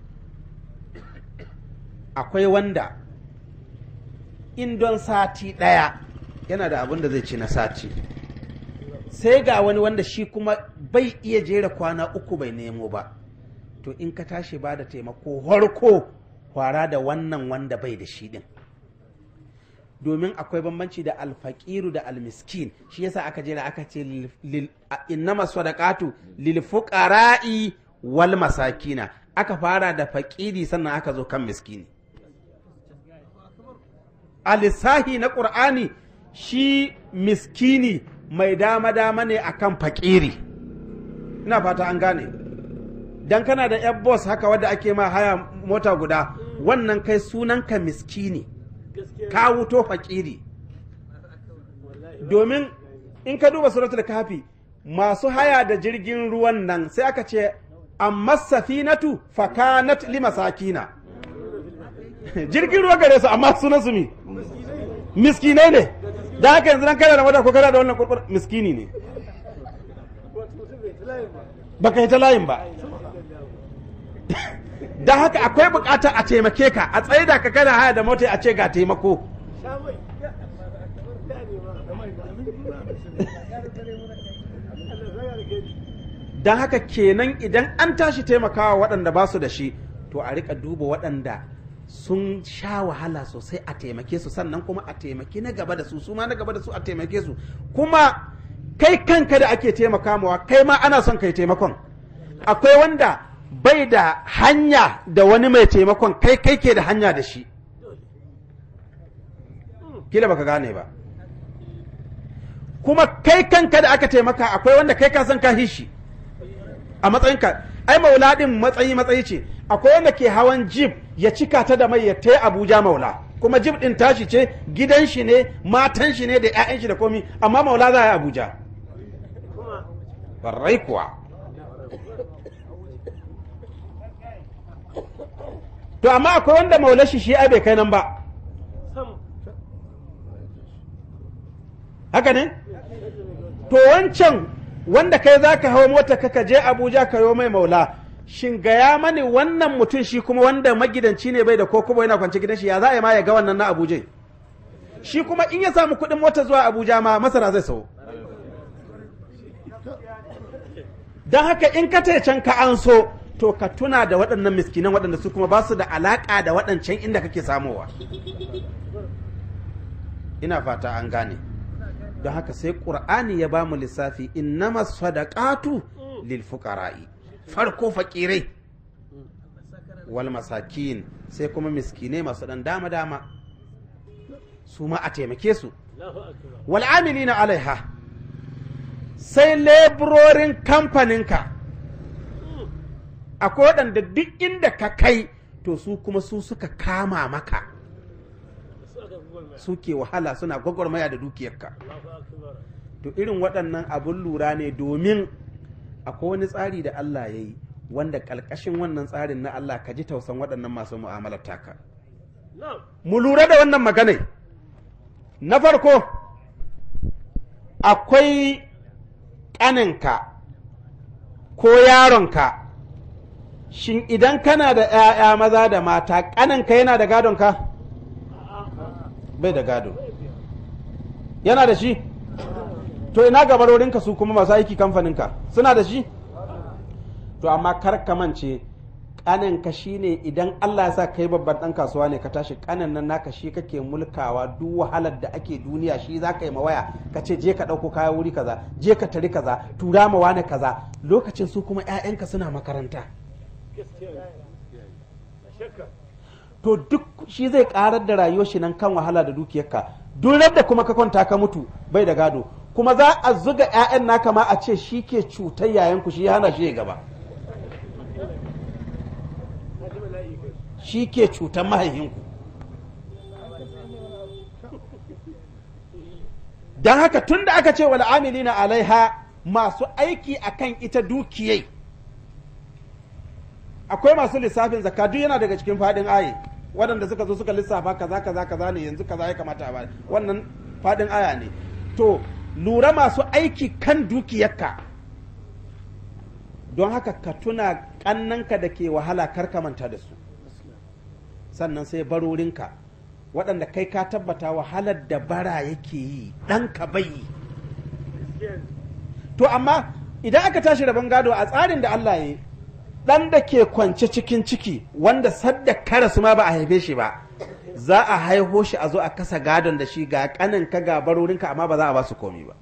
akwai wanda in don sati ɗaya yana da abin da zai ci na sati sai ga wani wanda shi kuma bai iya jera kwana uku bai nemo ba to in ka tashi ba da taimako harko kwara da wannan wanda bai da shi din domin akwai bambanci da alfaƙiru da almiskin shi yasa aka jera aka ce innama sadaqatu lil fuqara'i wal masakina aka fara da faƙiri sannan aka zo kan miskini a lissahi na ƙur'ani shi miskini mai dama-dama ne a kan fakiri ina fata an gane dan kana da yan bos haka wadda ake ma haya mota guda wannan kai sunanka miskini ka wuto fakiri domin in ka duba da kafi masu haya da jirgin ruwan nan sai aka ce amma safinatu fakanat limasakina [LAUGHS] jirgin ruwa gare su amma sunan su ne miskinai ne da haka yanzu nan kana da wata ko kana da wannan kurkur miskini ne baka yi ta layin ba [LAUGHS] da haka akwai bukata a taimake ka a tsaye da ka kana haya da mota a ce ga taimako [LAUGHS] don haka kenan idan an tashi taimakawa waɗanda ba su da shi to a rika duba waɗanda sun sha wahala sosai a taimake su sannan kuma a taimake na gaba da su su ma na gaba da su a taimake su kuma kai kanka da ake taimaka mawa kai ma ana son kai taimakon akwai wanda bai da hanya da wani mai taimakon kai kai ke da hanya da shi kila baka gane ba kuma kai kanka da aka taimaka akwai wanda kai ka san ka shi a matsayinka ai mauladin matsayi matsayi ce akwai wanda ke hawan jeep ya cika ta da mai ya ta abuja maula kuma jib din tashi ce gidan shi ne matan shi ne da 'ya'yan shi da komi amma maula za a yi abuja barai kuwa to amma akwai wanda maula shi shi bai kai nan ba haka ne to wancan wanda kai zaka ka hau mota ka je abuja ka yo mai maula shin gaya mani wannan mutum shi kuma wanda magidanci ne bai da ko kuma yana kwance gidan shi ya za a ma ya ga wannan na Abuja shi kuma in ya samu kuɗin mota zuwa Abuja ma masara zai sau don haka in ka can ka an so to ka tuna da waɗannan miskinan waɗanda su kuma ba su da alaƙa da waɗancan inda kake samowa ina fata an gane don haka sai ƙur'ani ya ba mu lissafi innama sadaqatu lil fuqara'i farko fakirai wal masakin sai kuma miskinai masu dan dama dama su ma a taimake su wal amilina alaiha sai leburorin kamfaninka akwai waɗanda duk inda ka kai to su kuma su suka kama maka suke wahala suna gwagwarmaya da dukiyarka to irin waɗannan abun lura ne domin akwai wani tsari da Allah ya yi wanda ƙalƙashin wannan tsarin na Allah ka ji tausan waɗannan masu mu'amalar taka mu lura da wannan magana na farko akwai ƙaninka ko yaronka shin idan kana da 'ya'ya maza da mata ƙaninka yana da gadonka bai da gado yana da shi to ina gabarorinka su kuma masu aiki kamfaninka suna da shi to amma kar ka mance ka shine idan Allah ya sa kai babban ɗan kasuwa ne ka tashi kanin nan naka shi kake mulkawa duk wahalar da ake duniya shi za ka yi mawaya ka ce je ka ɗauko kaya wuri kaza je ka tari kaza tura ma wani kaza lokacin su kuma 'ya'yanka suna makaranta to duk shi zai karar da rayuwar shi nan kan wahala da dukiyarka duk da kuma ka kwanta ka mutu bai da gado kuma za a zuga 'ya'yan na kama a ce shi ke cutar yayan ku shi hana shi gaba shi ke cutar mahaihinku don haka tun da aka ce wal na alaiha masu aiki akan ita dukiyai akwai masu lissafin zakka yana daga cikin fadin aye waɗanda suka zo suka lissafa kaza kaza kaza ne yanzu kaza ya kamata a wannan fadin aya ne to lura masu aiki kan dukiyarka don haka ka tuna ƙannanka da ke wahala karka manta da su sannan sai barorinka waɗanda kai ka tabbata wahalar da bara yake yi ɗanka bai to amma idan aka tashi rabon gado a tsarin da Allah ya yi ɗan da ke kwance cikin ciki wanda sadda karasu ma ba a haife shi ba za a haiho shi a zo a kasa gadon da shi ga kanin ka ga barorinka amma ba za a ba su komi ba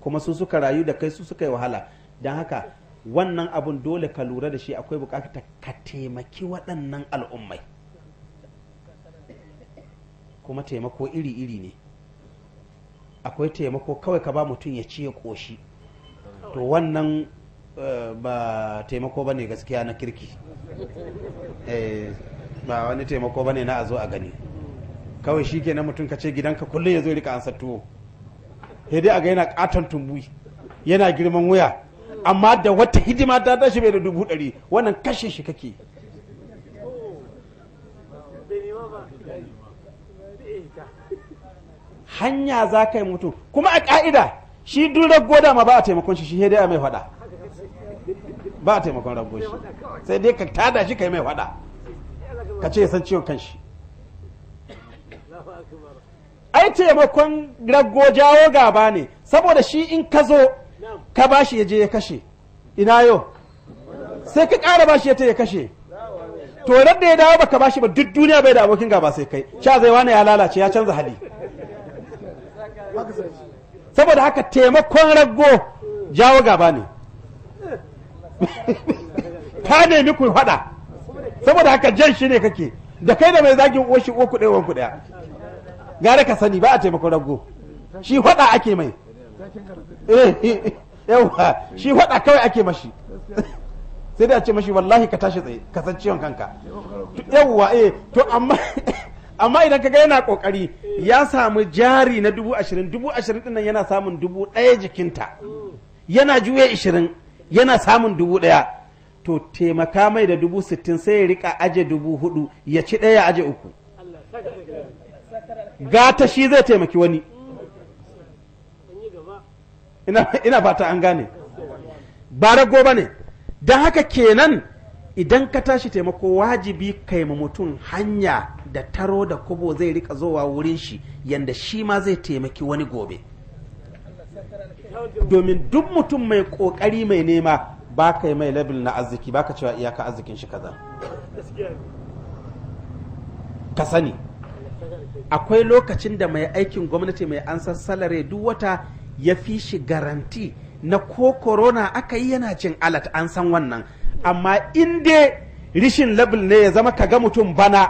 kuma su suka rayu da kai su suka yi wahala don haka wannan abun dole ka lura da shi akwai bukata ka taimaki waɗannan al'ummai kuma taimako iri-iri ne akwai taimako kawai ka ba mutum ya ci ya ƙoshi to wannan ba taimako ba ne gaskiya na kirki eh, ba wani taimako ba na a zo a gani kawai shi ke na mutum ka ce gidanka kullum ya zo rika ansa tuwo ya dai a ga yana katon tumbui yana girman wuya amma da wata hidima ta tashi bai da dubu ɗari wannan kashe shi kake hanya za ka yi mutu kuma a ƙa'ida shi duk rago ma ba a taimakon shi shi dai a mai faɗa ba a taimakon rago shi sai dai ka tada shi kai mai faɗa ka ce san ciwon kanshi ai taimakon rago jawo gaba ne saboda shi in ka zo ka ba shi ya je ya kashe ina yau sai ka ƙara ba shi ya ta ya kashe to ran da ya dawo baka ba shi ba duk duniya bai da abokin gaba sai kai sha zai wani ya lalace ya canza hali saboda haka taimakon rago jawo gaba ne [LAUGHS] ta nemi ku faɗa saboda haka jan shi ne kake da kai da mai zagin oshi o kuɗe wanku kuɗe gare ka sani ba a taimakon rago shi faɗa ake mai eh, [LAUGHS] yawa shi faɗa kawai ake mashi [LAUGHS] sai da a ce mashi wallahi ka tashi tsaye ka san ciwon kanka yawa eh to amma amma idan ka gaya yana kokari ya samu jari na dubu ashirin dubu ashirin dinnan yana samun dubu ɗaya jikinta yana juya ishirin. yana samun dubu ɗaya to taimaka mai da dubu sittin sai ya rika aje dubu hudu ya ci ɗaya aje uku gata shi zai taimaki wani ina fata an gane ba rago ne don haka kenan idan ka tashi taimako wajibi kai ma mutum hanya da taro da kobo zai rika zowa wurin shi yanda shi ma zai taimaki wani gobe. domin duk mutum mai kokari mai nema ba ka yi mai labil na arziki ba ka cewa iyaka arzikin shi kaza ka sani akwai lokacin da mai aikin gwamnati mai ansan salare duk wata ya fi shi garanti na ko korona aka yi yana cin alat an san wannan amma in dai rishin labil ne ya zama ka ga mutum bana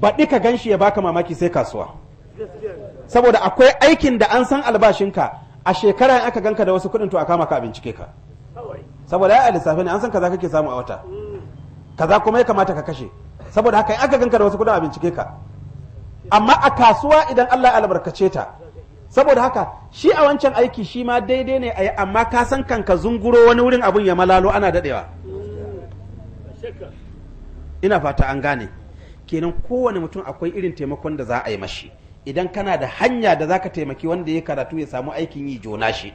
baɗi ka gan shi ya baka mamaki sai kasuwa saboda akwai aikin da an san albashinka a shekara in aka ganka da wasu kuɗin to a kama ka a bincike ka saboda ya lissafi ne an san kaza kake samu a wata kaza kuma ya kamata ka kashe saboda haka in aka ganka da wasu kuɗin a bincike ka amma a kasuwa idan Allah ya albarkace ta saboda haka shi a wancan aiki shi ma daidai ne a yi amma ka san kanka zunguro wani wurin abun ya malalo ana daɗewa ina fata an gane kenan kowane mutum akwai irin taimakon da za a yi mashi idan kana da hanya da zaka taimaki wanda ya karatu ya samu aikin yi jona shi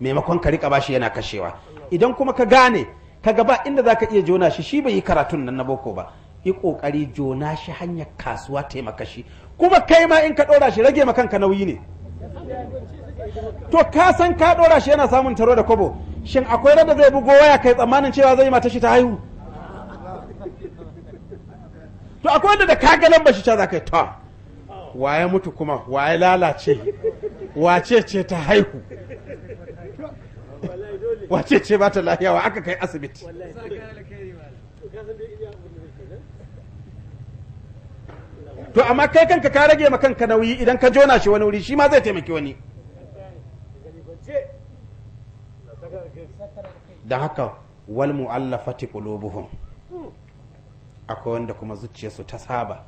maimakon ka rika bashi yana kashewa idan kuma ka gane ka gaba inda zaka iya jona shi shi bai yi karatun nan na boko ba yi kokari jona shi hanyar kasuwa taimaka shi kuma kai ma in ka ɗora shi rage kanka nauyi ne to ka san ka ɗora shi yana samun taro da kobo shin akwai rada zai bugo waya kai tsammanin cewa zai mata shi ta haihu to akwai wanda da ka ga lamba shi ta za ka yi Wa ya mutu kuma waye lalace wace ce ta haihu wace ce ba ta lahiya wa aka kai asibiti to amma kai kanka ka rage ma kanka nauyi idan ka jona shi wani wuri shi ma zai taimaki wani da haka wal mu'allafati qulubuhum akwai wanda kuma zuciyarsu ta saba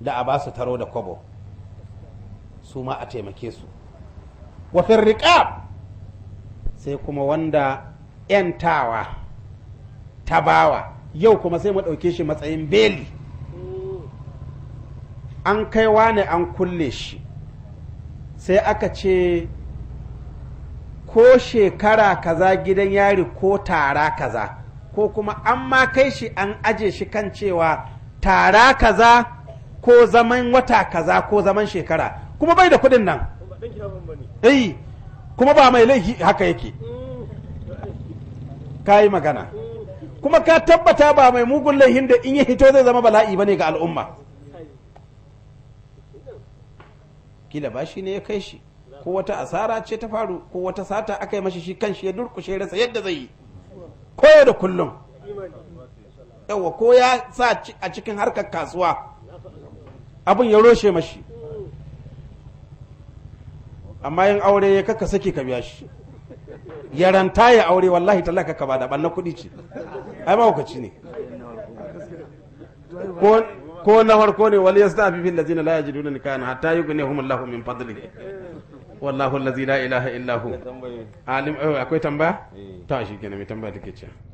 da a basu taro da kwabo su ma a taimake su wafin riƙab sai kuma wanda 'yantawa ta bawa yau kuma sai mu ɗauke shi matsayin beli an kaiwa ne an kulle shi sai aka ce ko shekara kaza gidan yari ko tara kaza ko kuma an ma kai shi an aje shi kan cewa tara kaza ko zaman wata kaza ko zaman shekara kuma bai da kuɗin nan eh kuma ba mai laifi haka yake ka yi magana kuma ka tabbata ba mai mugun laifin da in ya hito zai zama bala'i bane ga al'umma kila ba shi ne ya kai shi ko wata asara ce ta faru ko wata sata aka yi mashi shi kan shi ya durkushe rasa yadda zai yi Koyar da kullum yawa ko ya sa a cikin harkar kasuwa abin ya roshe mashi amma yin aure ya kaka sake ka biya shi ya ranta ya aure wallahi talaka ka bada ɓanna kuɗi ce ai mahaukaci ne ko na farko ne wal yasta fi fil ladina la hata yi gune yughnihum lahu min fadli wallahu lazi la ilaha Illahu alim eh, akwai tambaya eh. ta shi gina mai tambaya take cewa